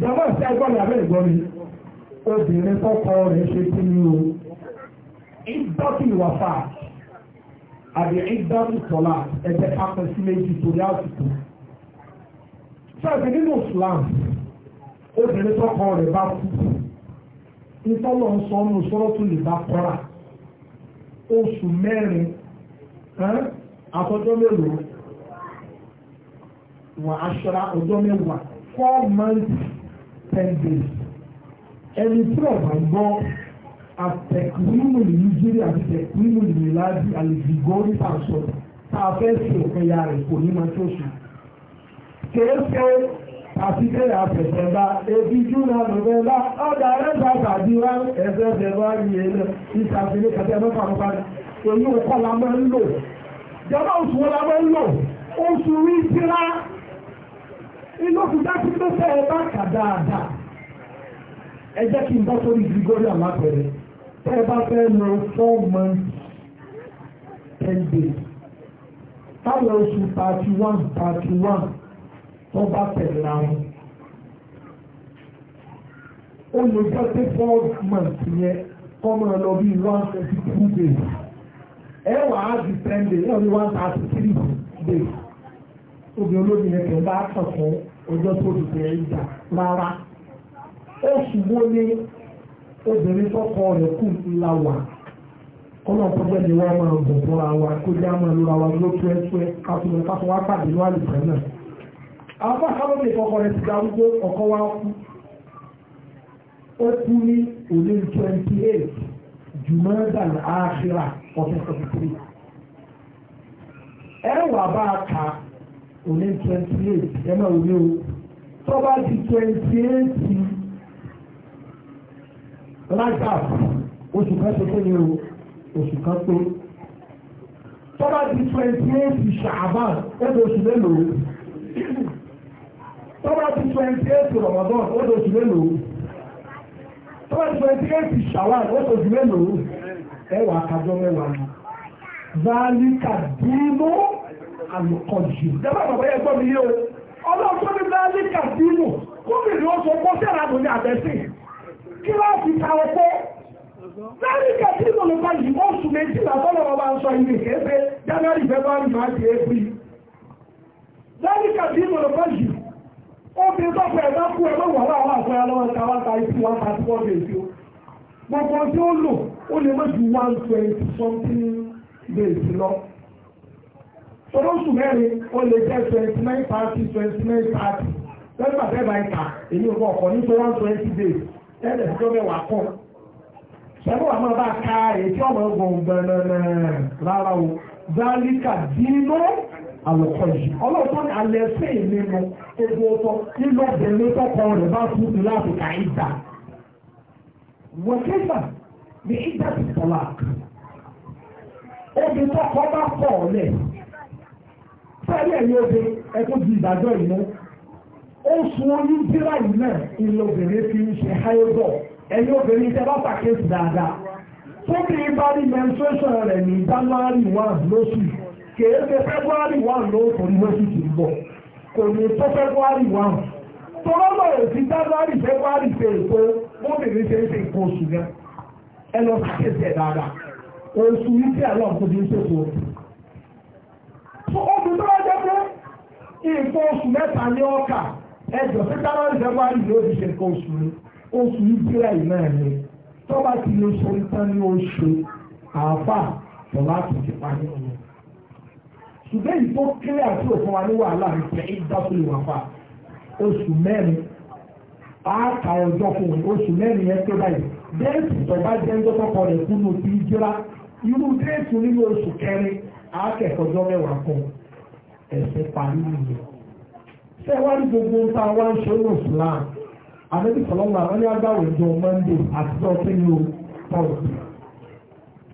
jọmọ́ sí ẹgbọ́n mi abẹ́rẹ́ gbọ́ mi obìnrin tọkọ rẹ̀ ṣe kí ni o ìdọ́kì wàfà àbí ìdọ́kì tọ́lá ẹgbẹ́ pápẹ́ sí méjì torí àsìkò sọ́ọ̀tì nínú Islam obìnrin tọkọ rẹ̀ bá kú ìtọ́lọ̀ ń sọ ọ́nù sọ́rọ́ tó lè bá kọ́ra oṣù mẹ́rin àtọ́jọ́ mélòó wà ọjọ́ mẹ́wàá four months ten days ẹni tí ọ̀bà gbọ́ àtẹ̀kùnmù nìjíríà àtẹ̀kùnmù nìláàdì àlejò nípa àṣọ tá a fẹ́ ṣe òpin rẹ̀ kò ní máa tó sùn. kèé ebi júlọ lọ́wọ́ bá ìṣàfihàn mẹ́fà mọ́fà èyí la máa inú fi dájú pé fẹ́ ẹ bá kà dáadáa ẹ jẹ́ kí n bọ́ sórí Gregorian lápẹẹrẹ lọ four months ten days táwọn oṣù thirty one thirty one tó bá tẹ̀lé àwọn ó lè jẹ́ pé four months yẹn kọ́ mọ́ ẹ lọ bí one twenty two days ẹ wà á di ten days ẹ ní one thirty three days obìnrin olóbìnrin kẹ̀ ń bá kàn fún ọjọ́ tó ti bẹ̀rẹ̀ ìjà rárá oṣù wo ni obìnrin tọkọ rẹ̀ kù ńlá wà ọlọ́pọ̀ jẹ́ ni wọ́n máa bọ̀ bọ́ra wa kó jẹ́ àmọ́ ìlú àwọn olóòtú ẹ̀ṣẹ́ káfíńtà káfíńtà wá pàdé ní àlùfẹ́ náà àwọn bá sábàbí ìkọkọ rẹ̀ ti darúgbó ọkọ wa kú ó kú ní òní twenty eight jùmọ́dà àṣírà ọ̀sẹ̀ twenty three ẹ wà bá a kà á. òní twenty eight ẹ máa wọlé o tó bá di twenty eight lágbàf oṣù kan tó kéde o oṣù kan tó tó bá di twenty eight ṣàbàn ó di oṣù mélòó tó bá di twenty eight ramadan ó di oṣù mélòó tó bá di twenty eight ṣàwàn ó di oṣù mélòó ẹwà kájọ alùkọ̀jù. Ìjọba bàbá yẹn gbọ́ mi yé o. Ọlọ́run tó ní Bẹ́ẹ́lí Kàdínù kóbìnrin ó sọ pọ́ sẹ́ra àbò ní Kí wọ́n fi ta ọkọ́? Bẹ́ẹ́lí Kàdínù ló bá yìí oṣù méjìlá tọ́lọ̀ wọn bá ń sọ ilé kéèké January February March April. Bẹ́ẹ́lí Kàdínù ló bá yìí obìnrin tó fẹ́ ẹ̀dá kú ẹgbẹ́ wà láwọn àfẹ́ra ta wá ta ìtú ta tọ́lọ́sù mẹ́rin ó lè jẹ́ twenty nine thirty twenty nine thirty lẹ́gbà bẹ́ẹ̀bà ìta èyí ò bọ̀ ọ̀kọ̀ ní tó one twenty days ẹ̀ẹ́dẹ̀ tó mẹ́wàá kọ́ sẹ́nu wà máa bá a ka èyí ọmọ ọgbọ̀n gbẹ̀nẹ̀nẹ̀ rárá o zálíkà dínú àlùkò yìí ọlọ́ọ̀tọ́ ni alẹ́ ṣe nínú ewu ọtọ nílò obìnrin tọkọ rẹ̀ bá tún ní láti ka ìdá wọ́n kẹfà ní ìdá ti tọ́lá obìnrin tọkọ bá pọ̀ lẹ́yìn sẹ́rí ẹ̀yìn oge ẹ̀kọ́ di ìdájọ́ ìmú oṣù oyún díra yìí náà ilé obìnrin fi ń ṣe háyébọ̀ ẹ̀yìn obìnrin tẹ́ bá pàkíyèsí dáadáa tóbìnrin bá rí menstruation rẹ̀ ní january one lóṣù kèé ṣe february one ló torí lóṣù tó ń bọ̀ kò ní tó february one tọ́lọ́lọ́ òsì january february ṣe èso bóbìnrin ṣe ń ṣe nǹkan oṣù náà ẹ lọ pàkíyèsí ẹ̀ dáadáa oṣù yìí tí àlọ́ àkójọ ń ṣètò oṣù obìnrin tó bá jẹ́ pé nǹkan oṣù mẹ́ta ní ọkà ẹjọ́ tí táwọn ìjọba ìlú ó ti ṣe nǹkan oṣù rẹ̀ oṣù ìbílẹ̀ ìmọ̀ rẹ̀ tó bá ti lè ṣe nǹkan ní oṣù àáfà tọ́lá tó ti parí ọ̀nà. ṣùgbọ́n èyí tó kéré àti òfin wa ní wàhálà rẹ̀ pé ìdásílẹ̀ wà fà oṣù mẹ́rin àáka ọjọ́ fún oṣù mẹ́rin yẹn tó báyìí déètì tó bá jẹ́ ń dọ́kọ̀kọ̀ rẹ̀ kú ní òbí jíra irú déètì nínú oṣù akẹ́kọ̀ọ́jọ́ mẹ́wàá kan ẹ̀sìn parí nìyẹn. ṣé ẹ wá rí gbogbo ń ta wá ń ṣe ní Islam àbẹ́bí sọlọ́mà wọn ní agbáwẹ̀ jọ Monday àtijọ́ tí ní o Thursday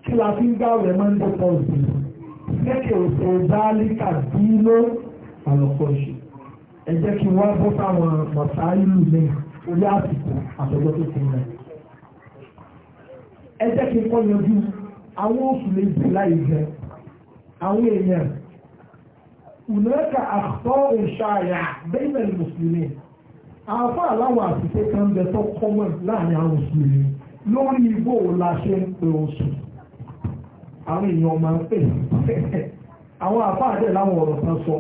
kí la fi ń gbáwẹ̀ Monday Thursday lẹ́kẹ̀ òṣè dálíkà dínú àlọ́kọ̀ṣe ẹ jẹ́ kí wọ́n bọ́ sáwọn mọ̀sáìlú mi orí àsìkò àtọ́jọ́ tó ti rẹ̀ ẹ jẹ́ kí n kọ́ yanjú àwọn oṣù méjì láì jẹun àwọn èèyàn ìnáka àkọ́ ìṣàyà bẹ́ẹ̀ mùsùlùmí àfa aláwọ̀ àṣìṣe kan bẹ tó kọ́mọ̀ láàrin àwọn mùsùlùmí lórí igbó la ṣe ń pe oṣù àwọn èèyàn máa ń pè àwọn àfa àdé láwọn ọ̀rọ̀ kan sọ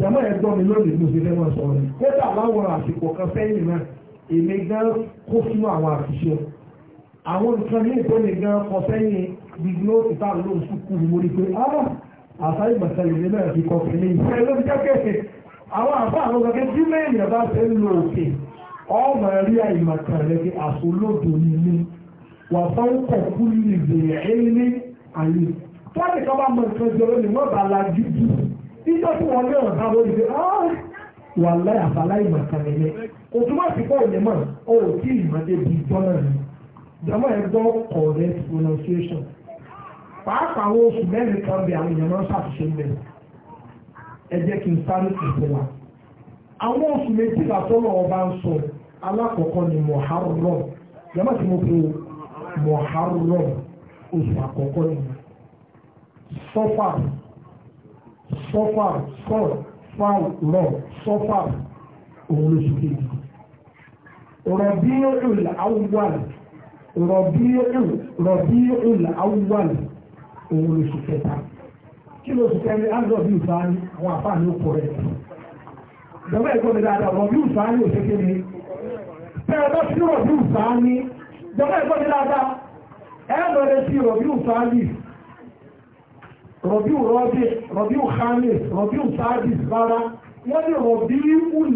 jàmọ́ ẹ̀ gbọ́ mi lónìí mo sì lè máa sọ̀rọ̀ yìí kódà láwọn àsìkò kan sẹ́yìn náà èmi gan kó sínú àwọn àṣìṣe àwọn nǹkan ní ìpínlẹ̀ gan kọ sẹ́yìn gbígbó ìta ló ń sùkú ni mo rí pé ah àṣà ìgbàsẹ̀lẹ̀ ní bẹ́ẹ̀ fi kọfí ní ìfẹ́ ló fi kẹ́kẹ́ àwọn àbá àwọn ọ̀gá tí mẹ́rin bá fẹ́ lo òkè ọmọ rí àìmọ̀kàn rẹ̀ pé àsolódò ni mí wà fún kọ̀ọ̀kú ní ìbèrè ẹni ní àyè tọ́lì kan bá mọ nǹkan jọ lónìí wọ́n bá la jújù nígbà tí wọ́n lé ọ̀dà lórí pé wà láì àbálá ìmọ̀kàn rẹ̀ yẹ kò túmọ̀ sí pé òní pàápàá àwọn oṣù mẹ́rin kan bí àwọn èèyàn máa ń ń bẹ̀rẹ̀ ẹ jẹ́ n sáré wa àwọn oṣù méjì ọba ń sọ alákọ̀ọ́kọ́ ni yàrá tí mo ni lọ òun òun lóṣù kẹta kí lóṣù kẹrin ángel bí ìfàánì àwọn àfáà ní òkú rẹ̀ ìjọba ẹ̀gbọ́n mi dáadáa ọ̀rọ̀ bí ìfàánì òṣèké ni bẹ́ẹ̀ bá sí ọ̀rọ̀ bí ìfàánì ìjọba ẹ̀gbọ́n mi dáadáa ẹ̀ lọ́rẹ́ sí ọ̀rọ̀ bí ìfàánì rọ̀bíù rọ́bí rọ̀bíù khamis rọ̀bíù sadis rárá wọ́n ní rọ̀bíùl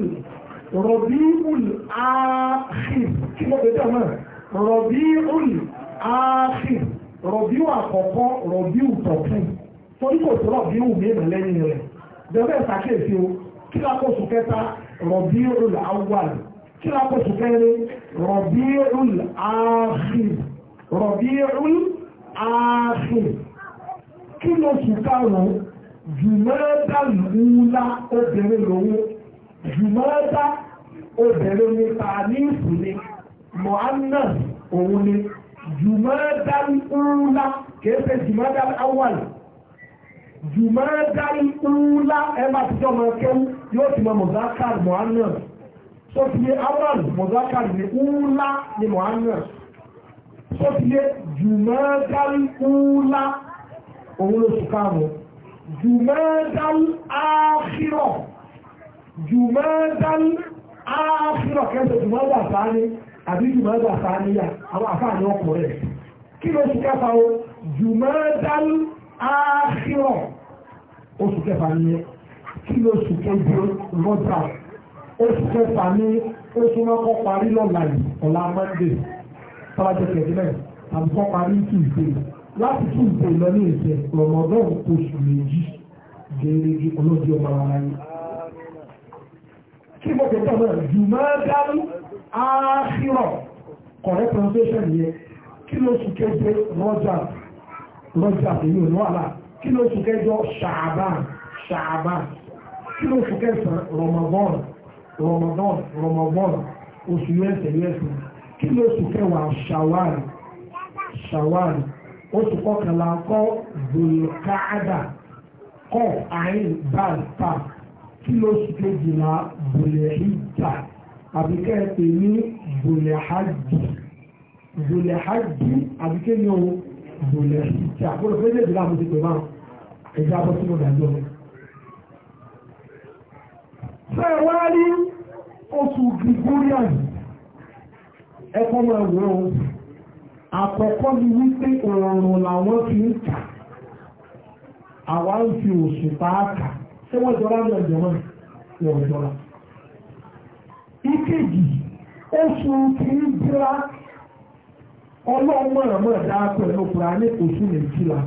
rọ̀bíùl áàkìf kí ló dé dáná rọ̀bíùl áàkìf rọ̀bíù àkọ́kọ́ rọ̀bíù tọ̀tún torí kò sí rọ̀bíù mìíràn lẹ́yìn rẹ̀ bẹ̀rẹ̀ ṣàkíyèsí o kí lákòóso kẹta rọ̀bíù awwal kí lákòóso kẹrin rọ̀bíù akhir rọ̀bíù akhir kí lóṣù karùn-ún jùmọ́ẹ́dá lùúlá obìnrin lòun jùmọ́ẹ́dá obìnrin ní tàníìfù ni mohannas òun ni jùmọ́dálì ńlá kéèké jùmọ́dálì awàlì jùmọ́dálì ńlá ẹ máa ti jọ máa kéwú yóò ti mọ mọ̀zákàrì mohammed tó ti yé awàlì mọ̀zákàrì ní ńlá ní mohammed tó ti yé jùmọ́dálì òun ló sùkà mọ́ jùmọ́dálì áhírọ̀ jùmọ́dálì áhírọ̀ kẹ́sẹ̀ jùmọ́dálì àtàlẹ́ àbí jùmọ́dà fàáníyà àwọn àfáàní ọkùnrin rẹ̀ kí ló ṣe kẹfà o jùmọ́dàl áhírọ̀ oṣù kẹfà ní kí ló ṣe kẹjọ lọ́dà oṣù kẹfà ní oṣù mọ́kọ́ parí lọ́la yìí ọ̀la mọ́ndé tọ́lájọ kẹ̀kẹ́ tàbí kọ́ parí tuesday láti tuesday lọ ní ìṣẹ̀ rọmọdọ́n oṣù méjì gẹ́gẹ́ ọlọ́dún ọmọ ara yìí kí mo kẹta náà jùmọ́dàl áhírọ̀ áhírọ̀ correct pronunciation yẹ kí ló sùn kéje Roger rọ́jà èyí ò ní wàhálà kí ló sùn kẹjọ ṣàbàn ṣàbàn kí ló sùn kẹsàn rọmọbọ́n rọmọbọ́n rọmọbọ́n oṣù yẹsẹ̀ yẹsẹ̀ kí ló sùn kẹwàá ṣàwárì ṣàwárì oṣù kọkànlá kọ́ bùrùkáàdà kọ́ àyìn bá ta kí ló sùn kejìlá bùrùhìjà àbíkẹ́ pè ní bùlẹ̀hájì bùlẹ̀hájì àbíkẹ́ ní ohun bùlẹ̀hájì àbúrò fẹ́lẹ̀ ìdílé àmúti pè máa ẹ̀jẹ̀ abọ́ sínú ìdájọ́ mi. ṣé ẹ wá rí oṣù gregorian ẹ̀kọ́ máa wọ̀ ọ́ àkọ́kọ́ ni wípé òòrùn làwọn fi ń kà àwa ń fi òṣùpá kà ṣé wọ́n jọra ní ọjọ́ náà wọ́n jọra ìkejì oṣù tí ń dira ọlọ́mọ̀rànmọ̀ dáa pẹ̀lú kùránì oṣù méjìlá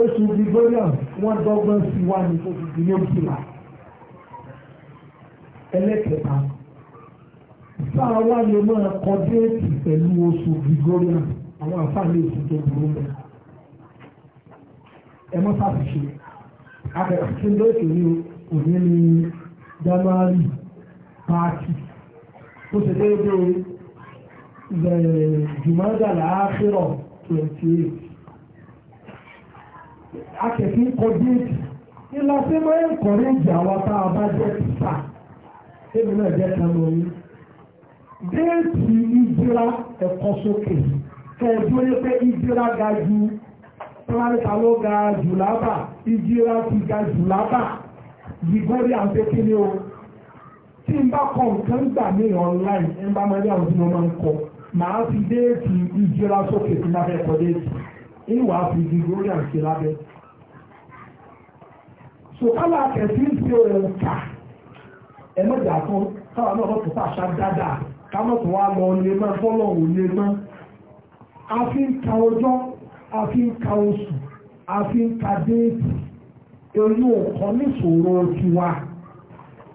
oṣù gregorian wọ́n dọ́gbọ́n sí wa ní oṣù tí méjìlá ẹlẹ́kẹta sáà wá lè máa kọ déètì pẹ̀lú oṣù gregorian àwọn àǹfààní oṣù tó burú mọ́ ẹ mọ́ sáfìṣe akẹ́kọ̀ọ́ tí ń lóṣèlú òní ní january thirty tó ṣe déédéé jùmọ́dàlá áfírọ̀ 28 akẹ̀kí kọjú ètì ìlàsí máa ń kọ̀rí ìjà wa tá a bá jẹ́ títà èmi náà jẹ́ kan lórí déètì ìjìra ẹ̀kọ́ sókè kẹ̀ẹ́dú ní pé ìjìra ga ju planeta ló ga jù lábà ìjìra ti ga jù lábà yìí gbọ́dọ̀ àti kíni o tí n bá kọ nǹkan gbà mí online ẹ̀ ń bá máa rí àwọn tí mo máa ń kọ màá fi déètì ìjọra sókè tí n bá fẹ́ kọ déètì ìwà fi di lórí àǹtí lábẹ́. sòkálà kẹ̀sí ń fi òun kà ẹ̀ mọ̀jà fún káwọn náà lọ́tọ̀ pàṣà dáadáa káwọn tó wá lọ lè má fọ́lọ̀ òun lè má. a fi ń ka ọjọ́ a fi ń ka oṣù a fi ń ka déètì èyí ò kọ́ níṣòro tiwa.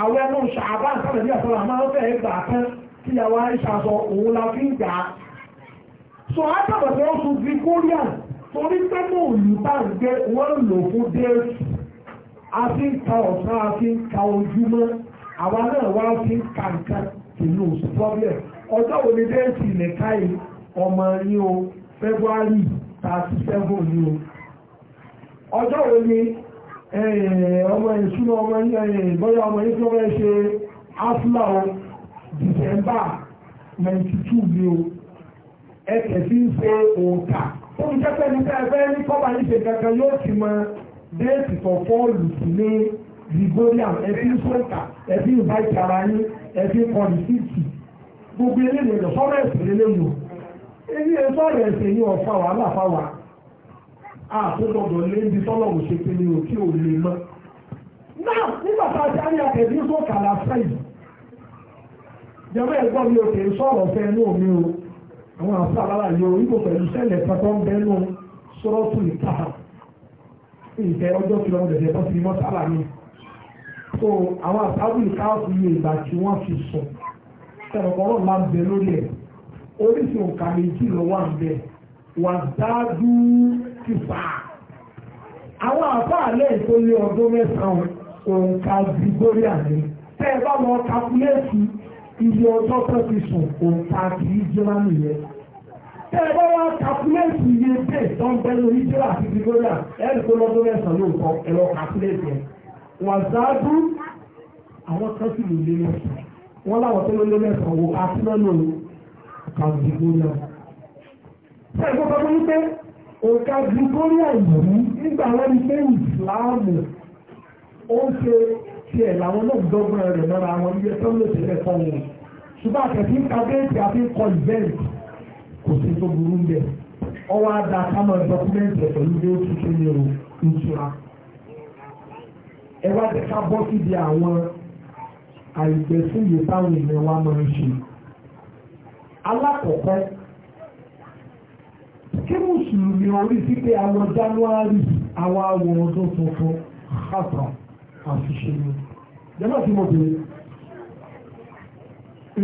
àwọn ẹnu ṣàbá sábẹ̀ ní àtọ́lá máa ń fẹ́ gbà tán tí àwọn ìṣàṣọ òun la fi ń gbà á so átàbàtà oṣù Gregorian torí pé mò ń lù bá ń gbé wọ́n lò fún déètì a fi ń ka ọ̀sán a fi ń ka ojúmọ́ àwa náà wá fi ń ka nǹkan kìlú problem ọjọ́ wo ni déètì nìka yìí ọmọ ní o February thirty seven ní o ọjọ́ wo ni Eh, ọmọ ìṣúná ọmọ ìbọ́yá eh, ọmọ yìí tó rẹ̀ ọ dìsẹ́mbà 92 ni o ẹ tẹ̀sí ṣe òǹkà ó ń jẹ́ pẹ́ni ẹgbẹ́ ní kọ́ba yìí ṣe kankan yóò ti mọ déètì tó fọ́ọ̀lù sí ní gregorian ẹbí ẹbí yín ẹbí gbogbo eléyìí sọ́rọ̀ ẹ̀sìn eléyìí o sọ́rọ̀ ẹ̀sìn yìí ọ̀fà àtúgbọ̀dọ̀ ah, lé ibi tọ́lọ̀wò ṣe pé ní o tí ò lè mọ́. náà nígbà tá a ti àyà tẹ̀lé tó kàlà fáìlì jẹ́mọ́ ẹ̀gbọ́n mi ò kè é sọ̀rọ̀ fẹ́ inú mi o àwọn àfàlàlà yóò ipò pẹ̀lú sẹ́lẹ̀ pẹ̀tọ́ ń bẹ́nu sọ̀rọ̀ tù ní káà ìfẹ́ ọjọ́ kìlọ̀ ọ̀dẹ̀dẹ̀ tó fi mọ́ sábà mi. so àwọn àtàwọn ìkáàfù yìí ìgbà tí wọ́n fi sùn tẹ̀lọ̀kọ́ náà máa ń bẹ lórí ẹ̀ oríṣi òǹkà méjì lọ́wọ́ à ń bẹ̀ wà dáadúú ti fà á. Àwọn àbáàlẹ́ tó lé ọdún mẹ́sàn-án òǹkà Gregorian ni. Tẹ́ ẹ bá lọ kakuléètì iye ọjọ́ tó ti sùn òǹkà kìí jẹ́ra nìyẹn. Tẹ́ ẹ bá wá kakuléètì iye dé tó ń bẹ́ lórí jẹ́ra àti Gregorian ẹ̀rí tó lọ́dún mẹ́sàn-án lóòótọ́ ẹ̀rọ kakuléètì ẹ̀. Wàzáàdú àwọn kan sì lè lé mẹ́sàn-án. Wọ́n láwọn tó lé mẹ́sàn-án wò àti lọ́nà òǹkà Gregorian. Òǹkà Gregorian yìí nígbà wọ́n ní pé ìsìláàmù ó ń ṣe tiẹ̀ làwọn náà dọ́gbọ́n rẹ̀ mọ́ra wọn iye tó ló ṣe lẹ́kọ́ wọn. Ṣùgbọ́n àkẹ́kí ń ka déètì àti ń kọ ìbẹ́ẹ̀lì kò sí tó burú ń bẹ̀. Ọwọ́ á da kámọ̀ dọ́kúmẹ́ǹtì ẹ̀ pẹ̀lú bí ó ti ṣe ní o ìtura. Ẹ wá jẹ́ ká bọ́ síbi àwọn àìgbẹ̀síyè táwọn èèyàn wa máa ń ṣe. Alákọ̀ọ́kọ́ kí mùsùlùmí orí sí pé àwọn january àwọn àwọn ọdún tuntun àpà àṣìṣe ni jẹ́nà tí mo bèrè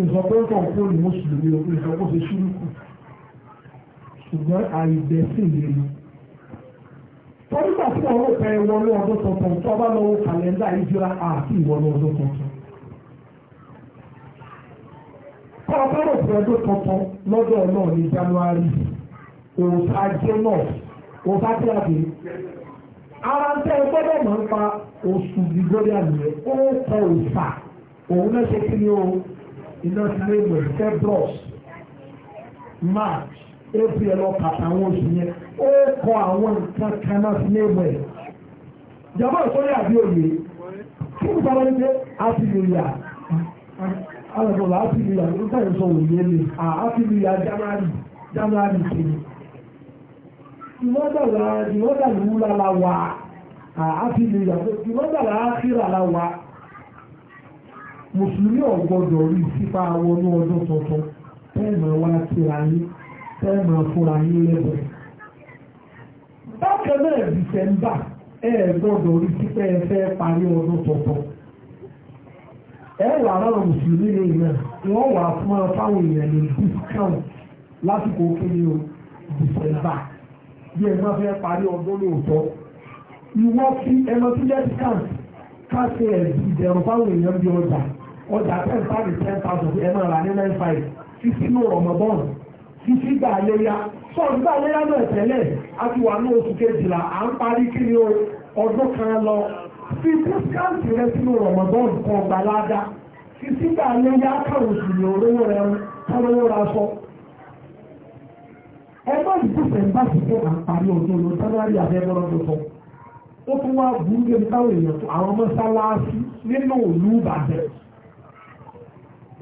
ìsọ̀kọ́ńtọ̀ kó ní mùsùlùmí orí ìsọ̀kọ́ṣe ṣúrùkù ṣùgbọ́n àìgbẹ́sìn lè ní tọ́lúgbà tí wọ́n ló fẹ́ wọlé ọdún tuntun tó bá lọ́wọ́ kàlẹ́ndà ìjọra àti ìwọlé ọdún tuntun. kọ́ ọ bá rò pé ọdún tuntun lọ́dọ̀ náà ní January òòṣà Janus òòṣà tí a pè ara ń tẹ́ gbọ́dọ̀ máa ń pa oṣù gbígbóríà nìyẹn ó kọ òòṣà òun náà ṣe kí ni o iná ti lé ìwé February March April ọkà àwọn oṣù yẹn ó kọ àwọn nǹkan kan náà sí ìwé ìjọba ìsọyẹ àbí òye kí n sọ̀rọ̀ nígbẹ àti ìrìà alẹ́ bọ̀lá àti ìrìà nígbà yẹn sọ òye mi àti ìrìà January January kìíní ìmọ́dàlá ìmọ́dàlá wúlá la wà àti lè yàgò ìmọ́dàlá ákírà la wà mùsùlùmí ọ̀gbọ́dọ̀ rí sípa wọnú ọdún tuntun tẹ́ẹ̀mọ̀ wá kíra yín tẹ́ẹ̀mọ̀ fúnra yín lẹ́bẹ̀. bákan náà dìsẹ́mbà ẹ gbọ́dọ̀ rí sípa ẹ fẹ́ parí ọdún tuntun ẹ wà ráwọn mùsùlùmí lè yàn wọ́n wà fún ọ fáwọn èèyàn lè discount lásìkò kéde o dìsẹ́mbà bí ẹ má fẹ́ parí ọdún lóòótọ́ ìwọ fi ẹmọ tó jẹ́ scam káṣe ẹ̀dì ìdẹ̀rù fáwọn èèyàn bí ọjà ọjà ten thousand ten thousand ẹ máa rà ní nine five títí ní rọmọbọ́n títí gbà léyà sọ̀rọ̀ gbà léyà náà tẹ́lẹ̀ a ti wà ní oṣù kejìlá à ń parí kí ni ọdún kan lọ fi discount rẹ sínú rọmọbọ́n kan gbàládà títí gbà léyà káwọn oṣù ní olówó rẹ ń tọ́lówó ra sọ ẹgbẹ́ ìdíje ń bá ti pé à ń parí ọdún lọ sálárì abẹ́bọ́rọ́ tuntun ó tún wá burú débi táwọn èèyàn tó àwọn mọ́sálásí nínú òlú Ìbàdàn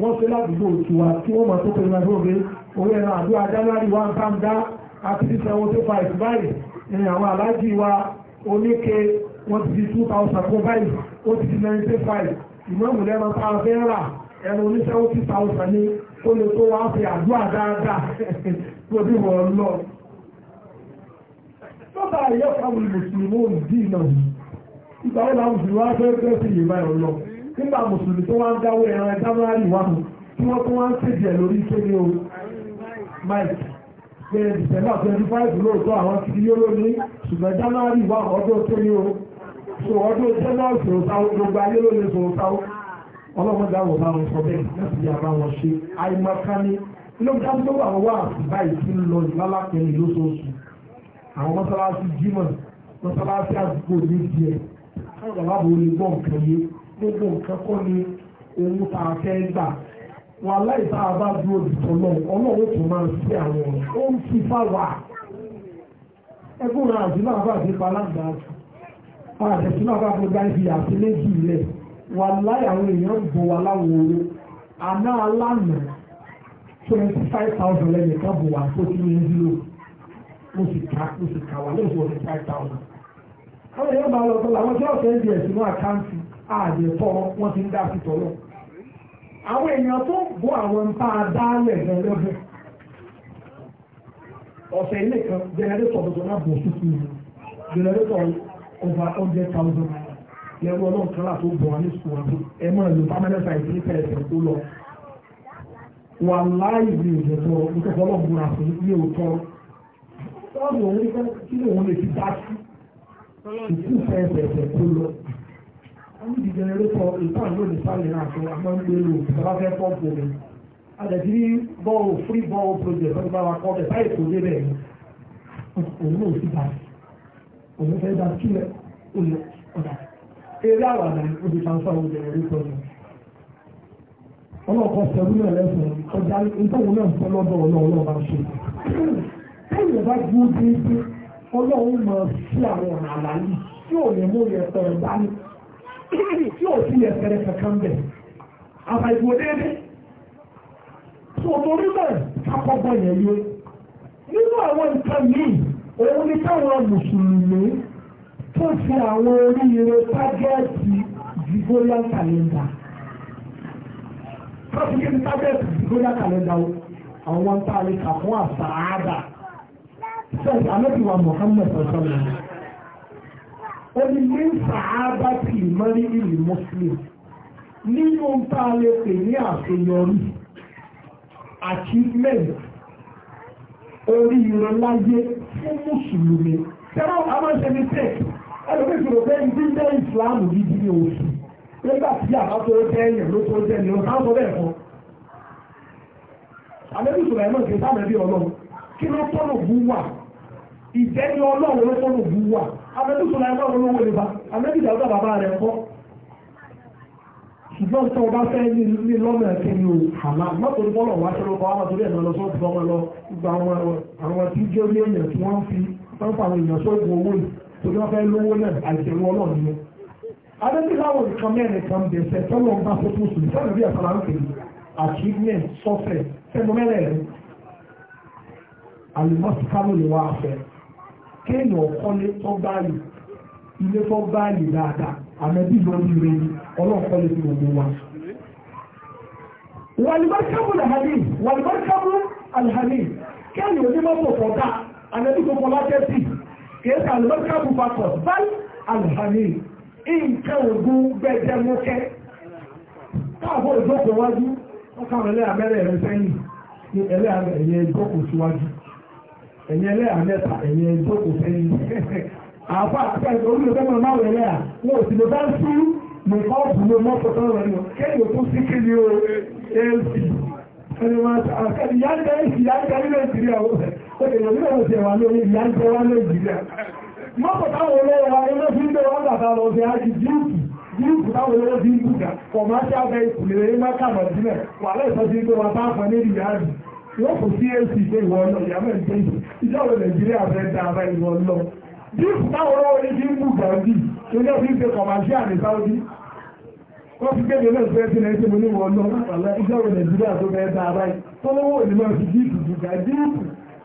wọ́n ṣe ládùúgbò tiwa tí wọ́n máa tó pé ìrìnàjò òde owó ẹran àdúrà jánúárì wá ń bá ń dá àti ní sẹ́wọ́n tó fa ìtú báyìí ní àwọn aláàjì wa oníke wọ́n ti di two thousand kó báyìí ó ti di ninety five ìmọ̀ a fẹ́ ó lè tó wá fi àdúrà dáadáa lórí wọn lọ. Lọ́ba ayé káwọn mùsùlùmí ò dì náà yìí. Ìgbà wo làwọn mùsùlùmí wá fẹ́ fẹ́ sí ìyèmá ẹ̀ lọ? Nígbà mùsùlùmí tó wá dáwọ́ ẹ̀rọ ẹ̀dá máa rí wàhùn tí wọ́n tó wá ń lórí kéde o. Mike bẹ̀rẹ̀ December twenty five lóòótọ́ àwọn ti yó lónìí ṣùgbọ́n January wà ọdún tó ní o. So ọdún January sòrò sáwọ́ gbogbo ayé ló ọlọ́run dáwọ̀ bá wọn sọ bẹ́ẹ̀ láti yà bá wọn ṣe àìmọ̀kání ló dá tó wà wá báyìí tí ń lọ ìlálàpẹ̀yìn lóṣooṣù àwọn mọ́sálásí jímọ̀ mọ́sálásí àdúgbò ní díẹ̀ káwọn bàbá bò lè gbọ́ nǹkan yé gbogbo nǹkan kọ́ ni ohun tá a fẹ́ gbà wọn aláìsá bá dúró dìtọ̀ náà ọlọ́run tó máa ń sí àwọn ọ̀rọ̀ ó ń fi fáwà ẹgbẹ́ òun àti náà bá àti pa aláǹdà àti àti náà bá gbogbo àìsí àti méjì lẹ̀ wà àwọn èèyàn ń bọ̀ láwọn owó àná alánà twenty five thousand lẹ́yìn ká tó ti ní ẹbí mo sì ká mo sì ká wà lẹ́yìn twenty five thousand. àwọn èèyàn lọ sọ́la àwọn tí wọ́n fẹ́ di ẹ̀sìn náà káńtì ààyè tọ́ wọ́n ti ń dá sí àwọn èèyàn tó àwọn a lẹ́rú ọlọ́run kan láti ó bọ̀ wá ní sùkúl wa ẹ mọ̀ ẹ̀lú permanent site ní pẹ̀lẹ́pẹ̀ tó lọ. wà láì ní òjò tó nítorí ọlọ́run búra fún ní òótọ́ lọ́dún òun nípa kí ni òun lè fi dá sí sùkúl pẹ̀lẹ́pẹ̀ tó lọ. wọ́n ní ìjẹnẹrétọ̀ ìtàn ló ní sálẹ̀ náà tó a máa ń gbé lò ìjọba fẹ́ pọ́ǹpù mi. àdàdí bọ́ọ̀lù free bọ́ọ̀lù project wọ́n ti bá wa kọ́ bẹ̀ báyìí kò dé bẹ̀ òun náà ò sí dá òun fẹ́ dá sílẹ̀ òun ọ̀dà eré àwàdà ibi transfer ọ̀hún bẹ̀rẹ̀ orí pẹ̀lú. ọlọ́ọ̀kan sẹ́wọ́n náà lẹ́sẹ̀ ọjà ìtọ́wọ́n náà ń tẹ́ lọ́dọ̀ bá ṣe. sí àwọn àlàyé tí ò lè mú dání tí ò sí kankan àbá yẹn yé. nínú àwọn nǹkan yìí òun ni mùsùlùmí tó fi àwọn oríire tágẹ́ẹ̀tì Gregorian calendar tó fi ní tágẹ́ẹ̀tì Gregorian calendar àwọn tá a lè kà fún àṣàáda sẹ́ẹ̀sì alẹ́bíwá Muhammad sọ́sọ́lá ó ní ní sàáda tì mọ́rí ìlú Muslim nínú tá a lè pè ní àṣeyọrí achievement oríire láyé fún mùsùlùmí tẹ́lá a máa ń ṣe mistake ẹlòmí ìṣòro pé ibi jẹ́ ìsìláàmù gidi ní oṣù nígbà tí àbá tó jẹ́ èèyàn ló tó jẹ́ ní oṣù àwọn sọ bẹ́ẹ̀ fún àlẹ́bí ìṣòro ẹ̀mọ́ ìṣẹ́ sáà mẹ́bí ọlọ́run kí ló tọ́nù bú wà ìjẹ́ ní ọlọ́run ló tọ́nù bú wà àlẹ́bí ìṣòro ẹ̀mọ́ olówó ni bá àlẹ́bí ìdàgbà bàbá rẹ̀ kọ́ ṣùgbọ́n tó o bá fẹ́ ní lọ́nà ẹ̀kẹ́ni o àmà mọ́tò ní bọ́lọ̀ wá ṣe ló kọ́ àwọn àtúndì ẹ̀nà lọ́sọ́ọ̀tì lọ́mọ lọ gba àwọn tí jẹ́ orí èèyàn tí torí wọ́n fẹ́ lówó náà àìsèrú ọlọ́run ni. adébíláwọ̀ nǹkan mẹ́rin kan dẹ̀sẹ̀ tọ́lọ́ ń bá fọ́tò sùn sẹ́nu bí ẹ̀fọ́ láǹkì achievement success sẹ́nu mẹ́rẹ̀ẹ̀rin alimọ́síkánú lè wá afẹ́ kéèyàn kọ́lé tó báyìí ilé tó báyìí dáadáa àmẹ́bí lórí rẹ̀ ọlọ́run kọ́lé tó gbogbo wa. wàlúbáríkàbù làhàlì wàlúbáríkàbù àlhàlì kéèyàn onímọ̀ pọ̀ pọ̀ dá àmẹ́bí tó kọ́ lájẹ́ sí i kìí ka lọ́kàbù papọ̀ báyìí alùhàní nǹkan ògùn gbẹdẹmọkẹ káàbọ̀ ìjókòó wájú wọ́n káwọn ẹlẹ́yà mẹ́rẹ̀ rẹ sẹ́yìn ní ẹlẹ́yà ẹ̀yẹ ìjókòó síwájú ẹ̀yẹ ẹlẹ́yà mẹ́ta ẹ̀yẹ ìjókòó sẹ́yìn àpá àtẹ̀yìn orí ìfẹ́ mọ̀ máa wọ̀ ẹlẹ́yà wọn ò sì lè bá ń sí nìkan ọ̀bùn ló mọ́ pọ̀tọ́ rẹ̀ nù kéèyàn tó sí kí ni o ac ẹni máa ṣàkàdì yáǹdà ac yáǹdà ilé ìtìrí àwọn ọ̀sẹ̀ n'oge ní òun tẹ̀wà ní orí ìyá ń tẹ́wà nàìjíríà mọ́pọ̀ táwọn olówó wa iná fi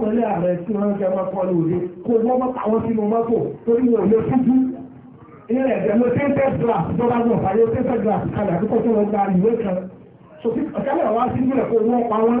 pẹ̀lẹ́ ààrẹ tí wọ́n fẹ́ máa kọ́ lóore kó wọ́n máa pa wọ́n sínú mọ́tò torí wọn ò lè fújú ilé tẹ́tẹ́ glass dọ́là náà fàyè tẹ́tẹ́ glass kalẹ̀ àti kótó lọ gba ìwé kan sòfin ọ̀kẹ́lẹ̀ wá sí ẹ̀kọ́ wọ́n pa wọ́n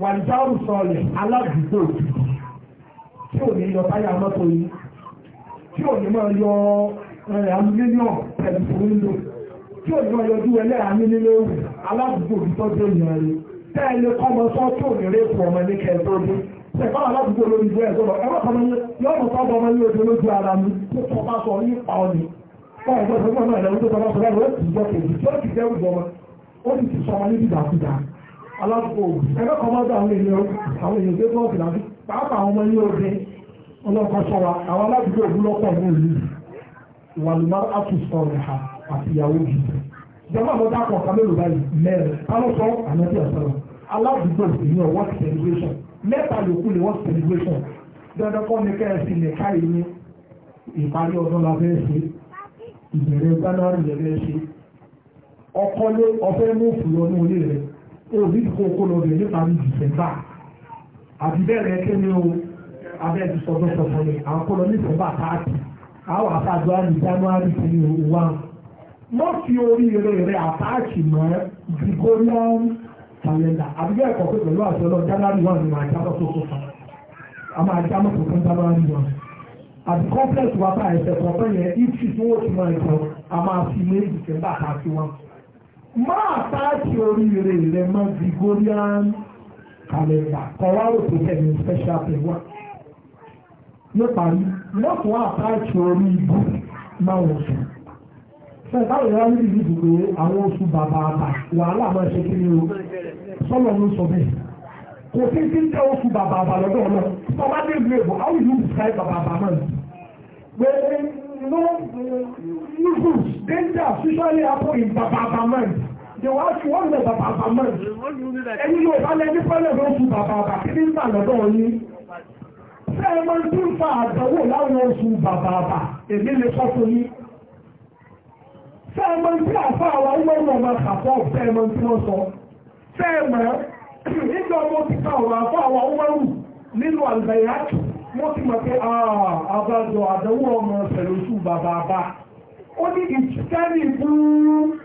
wàlìjáàrù sọ̀lẹ̀ aládùúgbò tí ò ní yọ táyà mọ́tò yìí tí ò ní máa yọ alumíníọ̀n pẹ̀lú fúnlò tí ò ní máa yọjú ẹlẹ́yà nílé aládùúgbò bí tọ́jú èèyàn rẹ̀ tẹ́ ẹ lè kọ́mọ sọ tí ò ní réèpù ọmọ ní kẹ́ẹ̀tọ́ dé sẹ̀kọ́ aládùúgbò lórí ìgbé ẹ̀ sọ̀rọ̀ ẹ̀rọ kan yọ mọ̀ ọmọ ní ojú lójú ara mi tó sọ bá sọ ní ipa ọ̀nì fún ẹ̀gbọ́n sọ́dọ̀ ọmọ ẹ̀rọ tó sọ bá sọ bá rẹ̀ ó ti jọ kejì tí ó ti jẹ́ ìjọba ó sì ti sọ ọmọ níbi ìdàkúdà alágbò ẹgbẹ́ kan mọ́dọ̀ àwọn èèyàn àwọn èèyàn tó tọ́ọ̀tì láti pàápàá àwọn ọmọ yóò dé ọlọ́kan sọ́ra àwọn aládùúgbò òbú lọ́pọ̀ ní ìlú ìwàlùmá àtúnṣọ̀rọ̀ ha àti ìyàwó yìí jọba àwọn dákọ̀ ọ̀kan mélòó báyìí mẹ́rin kálọ́sọ ànábì ọ̀sọ̀rọ̀ aládùúgbò ìyẹn work celebration mẹ́ta yòókù lè work celebration dandan kọ́ ni kẹ́ẹ̀sì lè ká ìní ìparí ọdún la fẹ́ ṣe ìbẹ̀rẹ̀ january lè fẹ́ ṣe ọkọ lé ọfẹ́ mú fùlọ́nù ilé rẹ̀ òbí kò kó lọ bẹ̀ nípa ní dìsẹ́mbà àti bẹ́ẹ̀rẹ̀ ẹ̀kẹ́ ni o abẹ́ ti sọ̀tọ̀ sọ̀tọ̀ ni à ń kó lọ ní dìsẹ́mbà káàkiri àwọn àtàjọ àmì january ti ní òwúwa wọ́n fi orí rẹ̀ rẹ̀ àtàkì mọ́ Gregorian calendar àti bẹ́ẹ̀ kọ̀ pé pẹ̀lú àti ọlọ́ january one ni wọ́n àjá lọ́tọ̀ tó kan a máa já mọ́tò fún january one àti complex wa bá ẹ̀sẹ̀ kọ̀ọ̀kan yẹn each week wọ́n ti máa ń kọ́ a máa fi ní dìsẹ́mbà káàkiri wọn máa táàkì oríire rẹ̀ mọ́ Gregorian calendar kọ̀wá òkè kẹ́mi special pay wá. níparí lọ́kùn àtáàkì orí ibú máa wọ̀ sùn. fẹ́ẹ̀ táwọn ìyá níbi ìdìbò pé àwọn oṣù bàbà àbà wàhálà máa ṣe kí ni o sọ́lọ̀ ló sọ bẹ́ẹ̀. kò sí kí n tẹ oṣù bàbà àbà lọ́dọ̀ ọ̀nà tí bàbá dé ìlú èbò how you describe bàbà àbà náà? no evils, danger, usually happen in bababaman. They will ask you, what is a bababaman? Ẹni yóò bá lẹ́ni pẹ́lẹ̀ baba. fún bàbàbà kí ní ìgbà lọ́dọ̀ yín. Ṣé ẹ máa ń tún fa àdánwò láwọn oṣù bàbàbà? Èmi lè sọ fún yín. Ṣé ẹ máa ń tí àfa àwa ń lọ́wọ́ ọmọ àkàkọ́ ṣé ẹ máa ń tí wọ́n sọ? Ṣé ẹ mọ̀ ẹ́? Nígbà ọmọ ti ka ọ̀rọ̀ àfa àwa ń wọ́rù nínú àlùbẹ̀yà tù mo ti mọ̀ pé àbájọ ah, àdánwò ọmọ ṣẹlẹ̀ṣù bàbá bá ó ní ìtẹ́rì fún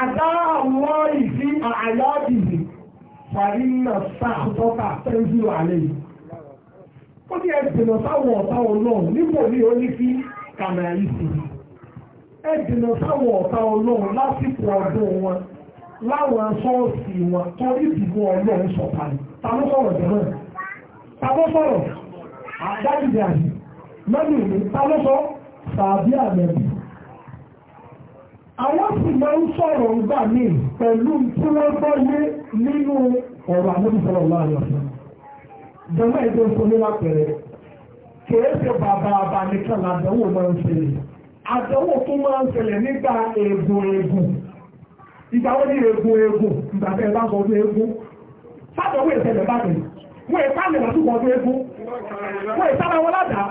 àdá àwọn ìfí àyájìdì fàílà sáàtọ́ta tẹ́jú àlẹ́ yìí ó ní ẹ̀dìnà sáwọn ọ̀tá ọlọ́run nípò ní ó ní fi kàmẹ́rì sí ẹ̀dìnà sáwọn ọ̀tá ọlọ́run lásìkò ọdún wọn láwọn ṣọ́ọ̀ṣì wọn torí ìdìbò ọlọ́run sọ̀tà ta ló sọ̀rọ̀ jẹ́ náà ta sọ̀rọ̀ àdájìdì àjì lọ́nà ìlú tálọ́sọ tàbí àmẹ́bí àwọn sì máa ń sọ̀rọ̀ ńgbà míì pẹ̀lú tí wọ́n gbọ́ yé nínú ọ̀rọ̀ àmójútọ́rọ̀ láàrin ọ̀sán jọmọ́ ètò ìfúnni lápẹ̀rẹ̀ kìí ṣe bàbá àbá nìkan làdánwò máa ń ṣẹlẹ̀ àdánwò tó máa ń ṣẹlẹ̀ nígbà eegun eegun ìgbà wọ́n ní eegun eegun ìgbà tẹ́ ẹ bá sọ ọdún eegun sádọ̀wọ́ ìṣẹ̀lẹ̀ bá tẹ̀lé wọ́n ìpàlẹ̀ làtúkọ̀ ọdún eegun wọ́n ìsára wọn ládàá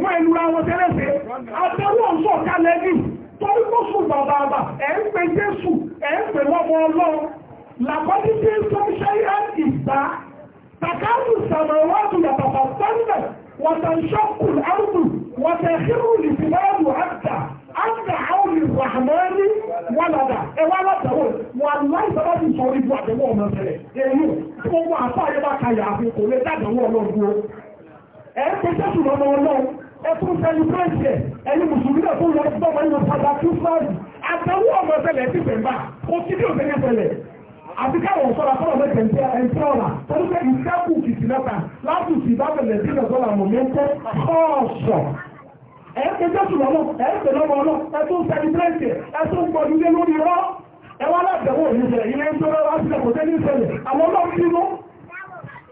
wọ́n ìlúra wọn tẹ́lẹ̀ṣẹ́ àtẹ́wọ̀ ń sọ kálẹ̀ ní torí kó sùn bàbàbà ẹ̀ ń pe Jésù ẹ̀ ń pe lọ́mọ Ọlọ́run làkọ́jú tí ń sọ iṣẹ́ ìhàn ìgbà takáàtù sàmọ̀wọ́dù yàtọ̀kọ̀ sọ́ndẹ̀ wọ̀tẹ̀ṣọ́kù àrùn wọ̀tẹ̀ṣírù ìfìlẹ́rù àgbà àgbà àwọn ìrànmọ́rí wọ́lọ́dà ẹwà látàwọ̀ wọn láìsọ́lá ti sọ orí bu àtẹ̀wọ̀ ọmọ ẹ̀rẹ̀ èyí tí wọ́n mú àfáàyè bá kayà àfikò lè dàgbà wọ́n lọ́gbọ́n ẹ̀ ṣe jésù lọ́mọ ọlọ́run ẹ tún sẹlifíréṣì ẹ̀ ẹni mùsùlùmí náà tó lọ gbọ́mọ nínú padà tún fáàlì àtàwọn ọmọ ẹsẹ̀lẹ̀ ti bẹ̀ bá kò sí bí òfin ẹsẹ̀lẹ̀ àti káwọn sọ̀rọ̀ sọ̀rọ̀ mẹ́tẹ̀ ní ẹ̀ńtẹ́ ọ̀la torí pé ìṣẹ́kù kìkì lọ́ta látùsí ìbábẹ̀lẹ̀ sí ìdọ̀tọ́ làwọn mẹ́tẹ́ ọ̀ṣọ̀ ẹ̀ẹ́dẹ̀ jésù lọ́mọ ẹ̀ẹ́dẹ̀ lọ́mọ ọlọ́ ẹ̀tún sẹlifíréṣì ẹ̀tún gbọdúgbé lórí rọ́ ẹwà lábẹ̀wò ìṣẹ̀lẹ̀ ilé ń tó rọ́ wá sílẹ̀ kò tẹ́lẹ̀ ìṣẹ̀lẹ̀ àwọn ọlọ́run nínú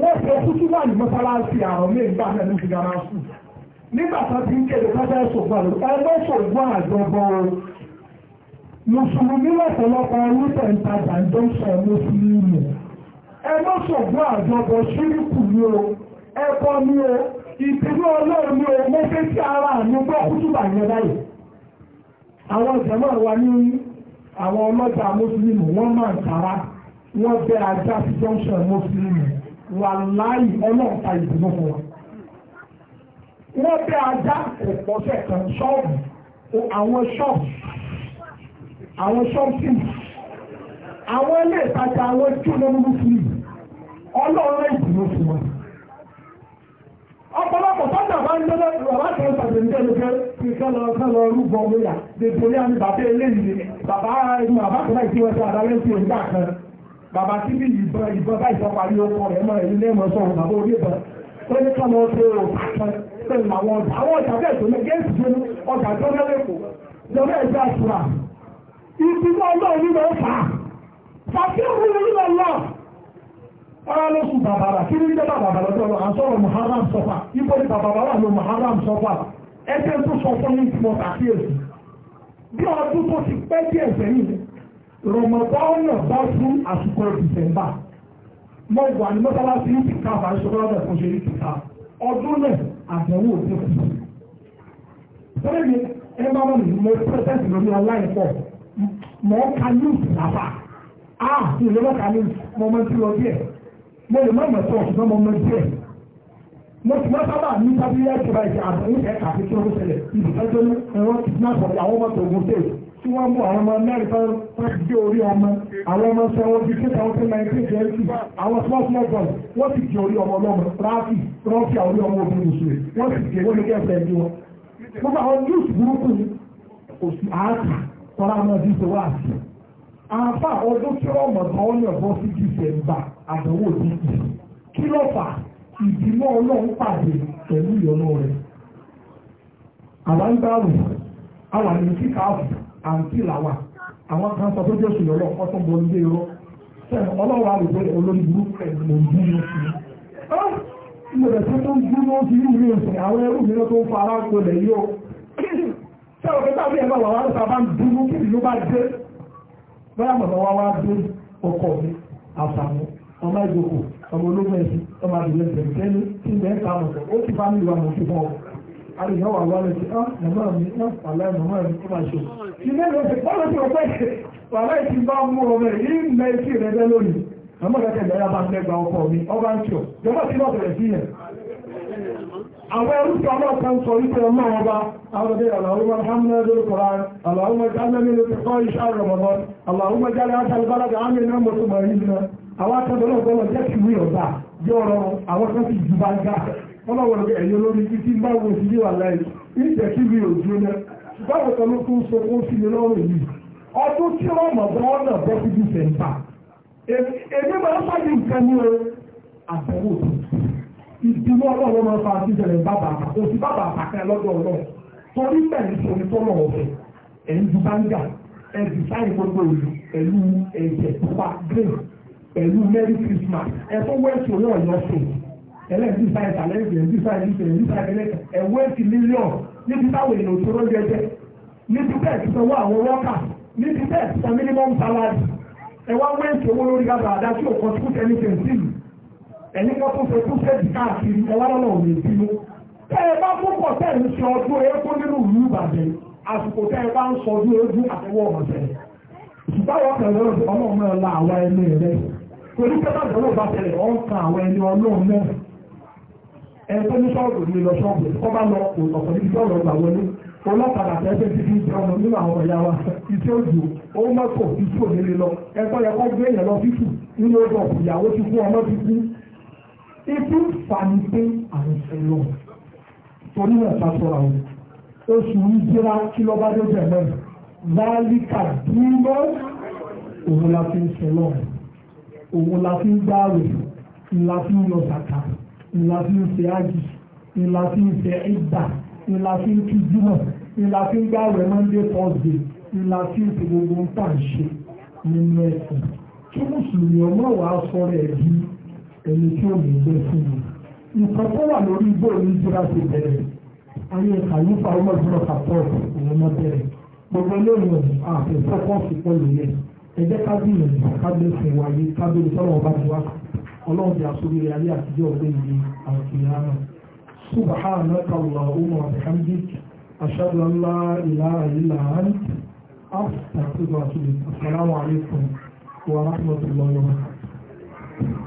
lẹ́sẹ̀ ní mọ́sálásí àrùn ní ìgbà náà ní ìgbà náà sùn nígbà tó ń kéde kájá ìṣògbà ẹgbẹ́ ìṣògbà àjọbọ mùsùlùmí lọ́pọ̀lọpọ̀ onífẹ̀ ìtajà ń sọ mùsùlùmí ẹgbẹ́ ìṣògbà àjọbọ ṣíríkù ni o ẹbọ ni o ìbínú ọlọ́run ni o mo fẹ́ sí ara mi gbọ́ kútùbà yẹn báyìí àwọn ìjọba wa ní àwọn ọlọ́jà mùsùlùmí wọ́n máa ń tara wọ́n bẹ ajá sí jọ́ńsọ̀ mùsùlùmí wà láàyè ọlọ́run ta ìdùnnú fún wa. wọ́n bẹ ajá òpọ̀ṣẹ̀ kan ṣọ́ọ̀bù àwọn ṣọ́ọ̀bù àwọn ṣọ́ọ̀bù àwọn ilé ìtajà àwọn jùlọ́mùlù fún mi ọlọ́run ìdùnnú fún wa. ọ̀pọ̀lọpọ̀ sọ́jà bá ń dẹ́lẹ́ bàbá kan tàbí ń dẹ́lẹ́ pé kí n kálọ̀ kálọ̀ rúbọ wíyà nítorí àmì bàbá eléyìí bàbá ẹ̀rù àbákùnrin àti ìwẹ̀sẹ̀ àdálẹ́sì òǹdà kan bàbá tí bí ìbọn ìbọn bá ìfọparí ọkọ rẹ̀ mọ́ ẹ̀yìn lẹ́mọ̀ sọ̀rọ̀ bàbá orí ìbọn ó ní kọ́nà ọ̀tọ̀ pẹ̀lú àwọn ọjà àwọn ọjà bẹ́ẹ̀ tó ní géètì tó ní ọjà tó ní lẹ́kọ̀ọ́ lọ́wọ́ ẹ̀jẹ̀ àṣùrà ibi náà náà ní lọ́ọ́ fà á fàkíhù ní lọ́lọ́ ọ̀rọ̀ ló sùn bàbàrà kí ní jẹ́ bàbàrà lọ́jọ́ lọ àṣọ̀rọ̀ Muharram sọ́fà ibo ni bàbàrà wà ló Muharram sọ́fà ẹgbẹ́ tó sọ fún ní ìtumọ̀ kàkíyèsí bí ọdún tó ti pẹ́ díẹ̀ sẹ́yìn rọmọdọ́nà bá fún àsìkò dìsẹ́mbà mo wà ní mọ́sálásí ìtìká àbáṣọ́lọ́dọ̀ fún ṣe ìtìká ọdún náà àbẹ̀wò òde kù. sẹ́yìn ẹ máa wọ̀ ní mo pẹ́sẹ́ǹtì lórí ọláì pọ̀ mọ̀ ọ́ ka níwùsì lápá a ti lè lọ́ka níwùsì mo mọ ti lọ díẹ̀ mo lè má mọ̀ tó ọ̀ṣùn mo mọ díẹ̀ mo ti máa sábà ní sábìlì ẹ̀ṣẹ̀ báyìí àbẹ̀wò ẹ̀ka àti kí tí wọ́n mú àwọn ọmọ orí ọmọ àwọn ọmọ sọ wọ́n ti kéta ọdún nineteen twenty àwọn small small boys wọ́n ti dị orí ọmọ ọlọ́mọ ráàfì rọ́ọ̀fì àwọn ọmọ obìnrin òṣèré wọ́n wọn. gbogbo àwọn burúkú òsì àáta tọ́lá sọ wá ọdún tí wọ́n mọ̀ sí àdánwò àǹtí làwà àwọn kan sọ pé jésù lọ́lọ́ wọ́n tún bọ̀ nílé irọ́ sẹ́yìn ọlọ́wọ́ àlùkò olórí burúkú ẹ̀ ló ń dúró sí i. mo rẹ̀ tó tó ń dúró sí irú ilé ìsìn àwọn ẹrú mi tó ń fa ara kó lẹ̀ yó. sẹ́yìn òkè tàbí ẹ̀ bá wà wá sábà ń dúró kí ìlú bá dé. bẹ́ẹ̀ mọ̀tọ́ wá wá dé ọkọ̀ mi àfàmù ọmọ ìjòkó ọmọ ológun ẹ̀sìn ọmọ àdìyẹ ìjẹ̀mìtẹ́ni tí ń bẹ́ẹ̀ ká mọ̀tọ́ ó ti fá mi ìwà mọ̀ àríyàn wà wà lọ́sí á màmá mi á ah, wàlá màmá mi kó máa ṣe ilé ló ti pọ́n lọ́sí ọ̀pẹ́ wàlá ìtì bá mú ọmọ rẹ̀ yìí mẹ́ sí rẹ̀ bẹ́ lónìí màmá rẹ̀ tẹ̀lé ya bá ń lẹ́gba ọkọ mi ọba ń tíọ̀ jọba tí wọ́n bẹ̀rẹ̀ sí yẹn. àwọn ẹrú tí ọlọ́ọ̀ kan sọ wípé ọmọ ọba àwọn ọdẹ aláwọ̀ hamlẹ̀ lórí koran aláwọ̀ jálẹ̀ mi lórí kọ́ iṣẹ́ rọ̀mọ́dọ́ aláwọ̀ jálẹ̀ àtàlùbáradà àmì náà mo tún mọ̀ ẹ̀yìn náà àwọn akẹ́kọ̀ọ́ náà gbọ́dọ̀ jẹ́ kí wí ọ̀dà yọ̀ọ̀rọ̀ àwọn kan sì jù bá ń gà ọlọ́wọ́n ẹ̀yọ́ lórí títí báwo sí yíwà láì ní ìjẹ́kí mi ò jóná báwo kan ló tún so kó sí mi lọ́rùn yìí ọdún tí wọ́n mọ̀ bọ́ ọ̀nà bọ́ sí ti sẹ̀ǹtà èmi máa ń pàdé nǹkan ní o àbẹ̀wò tó ìdíwọ́ ọlọ́run máa fa àti ìṣẹ̀lẹ̀ bàbà àpàkọ́ sí bàbà àpàkẹ́ lọ́dọ̀ ọlọ́run torí bẹ́ẹ̀ ní onítọ́lọ̀ ọ̀fẹ́ ẹ̀ ń ju báńgà ẹ̀ ń sáyìn gbogbo ìlú pẹ̀lú ẹ̀jẹ̀ pupa green pẹ̀lú merry christmas ẹ̀ tó wẹ́ẹ̀sì owó ọ̀yọ́ sèé ẹlẹ́ẹ̀dì sáyẹ̀ sàlẹ́ẹ̀dì ẹ̀dì sáyẹ̀ ẹ̀dì sáyẹ̀ ẹ̀dì sáyẹ̀ ẹ̀wọ́ ẹ̀sì mílíọ̀n níbi táwọn èèyàn tó rọ́jò ẹ̀jẹ̀ níbi bẹ́ẹ̀ ti sanwó àwọn wọ́kà níbi bẹ́ẹ̀ ti san minimum salary ẹ̀wọ́ wẹ́ẹ̀sì owó lórí gàdọ̀ àdá tí ò contribute anything sí mi ẹ̀yìn kan tó fẹ́ tó fẹ́ di káàkiri ẹ̀wọ́ lọ́nà ò lè bínú. tẹ́ ẹ bá púpọ̀ tẹ́ ẹ ń sọ ọdún eékó nínú ìlú Ìbàdàn àsìkò tẹ́ ẹ bá ń sọ ọdún eékó àtẹwọ́ ọ̀sẹ̀. ṣùgbọ́n àwọn kan lọ́rọ̀ ọmọ mi la àwọn ẹni rẹ̀ torí pé bá ìdánwò bá tẹ̀lé ọ̀ ń kan àwọn ẹni ọlọ́run náà ẹni tó ní ṣọ́ọ̀bù ní lọ ṣọ́ọ̀bù kọ́ bá lọ ọ̀pọ̀ níbi tí ọ̀rọ̀ gbà wọlé ọlọ́kadà tẹ́tẹ́ ti fi jẹun nínú àwọn ọ̀yà wa iṣẹ́ òjò ó mọ́tò iṣu ònílé lọ ẹgbẹ́ yẹ kó gbé yẹn lọ fífù nínú ọjọ́ ìyàwó ti kú ọmọ ti kú ikú fani pé àrùnfẹ́ lọ torí náà sàṣọra o oṣù ìjìra kí lọ bá dé bẹ̀rẹ̀ láàlíkà dúró òun la fi ń sẹ́lọ̀ òun la fi ń gbáàrò la fi ń lọ sàkàrà ìlà fi ń ṣe ájì ìlà fi ń ṣe ìgbà ìlà fi ń kí jùmọ̀ ìlà fi ń gbàwẹ̀ monday thursday ìlà fi ń ṣe gbogbo ń tà ń ṣe nínú ẹ̀sìn kí mùsùlùmí ọmọ wa sọ rẹ̀ di ẹni tí ò ní gbé fún mi nǹkan tó wà lórí igbó ní ìjọba ti bẹ̀rẹ̀ ayé kàlífà ọmọ ìjọba kàtọ́ ìwọ́n náà bẹ̀rẹ̀ gbogbo lónìí àfẹ́fẹ́ pọ́ọ̀sì pẹ̀lú yẹn ẹ̀jẹ̀ ká gbìyànjú ká gbé fún wa yìí ká gbé e sọ́wọ́ bá ti wá kàn ọlọ́run bí aṣọ orí ayé àtijọ́ ọ̀gbẹ́ ìlú àkìyàmà subhanaka allahumma wa bihamdik ashhadu an la ilaha illa anta astaghfiruka wa atubu ilaik assalamu alaikum wa rahmatullahi wa barakatuh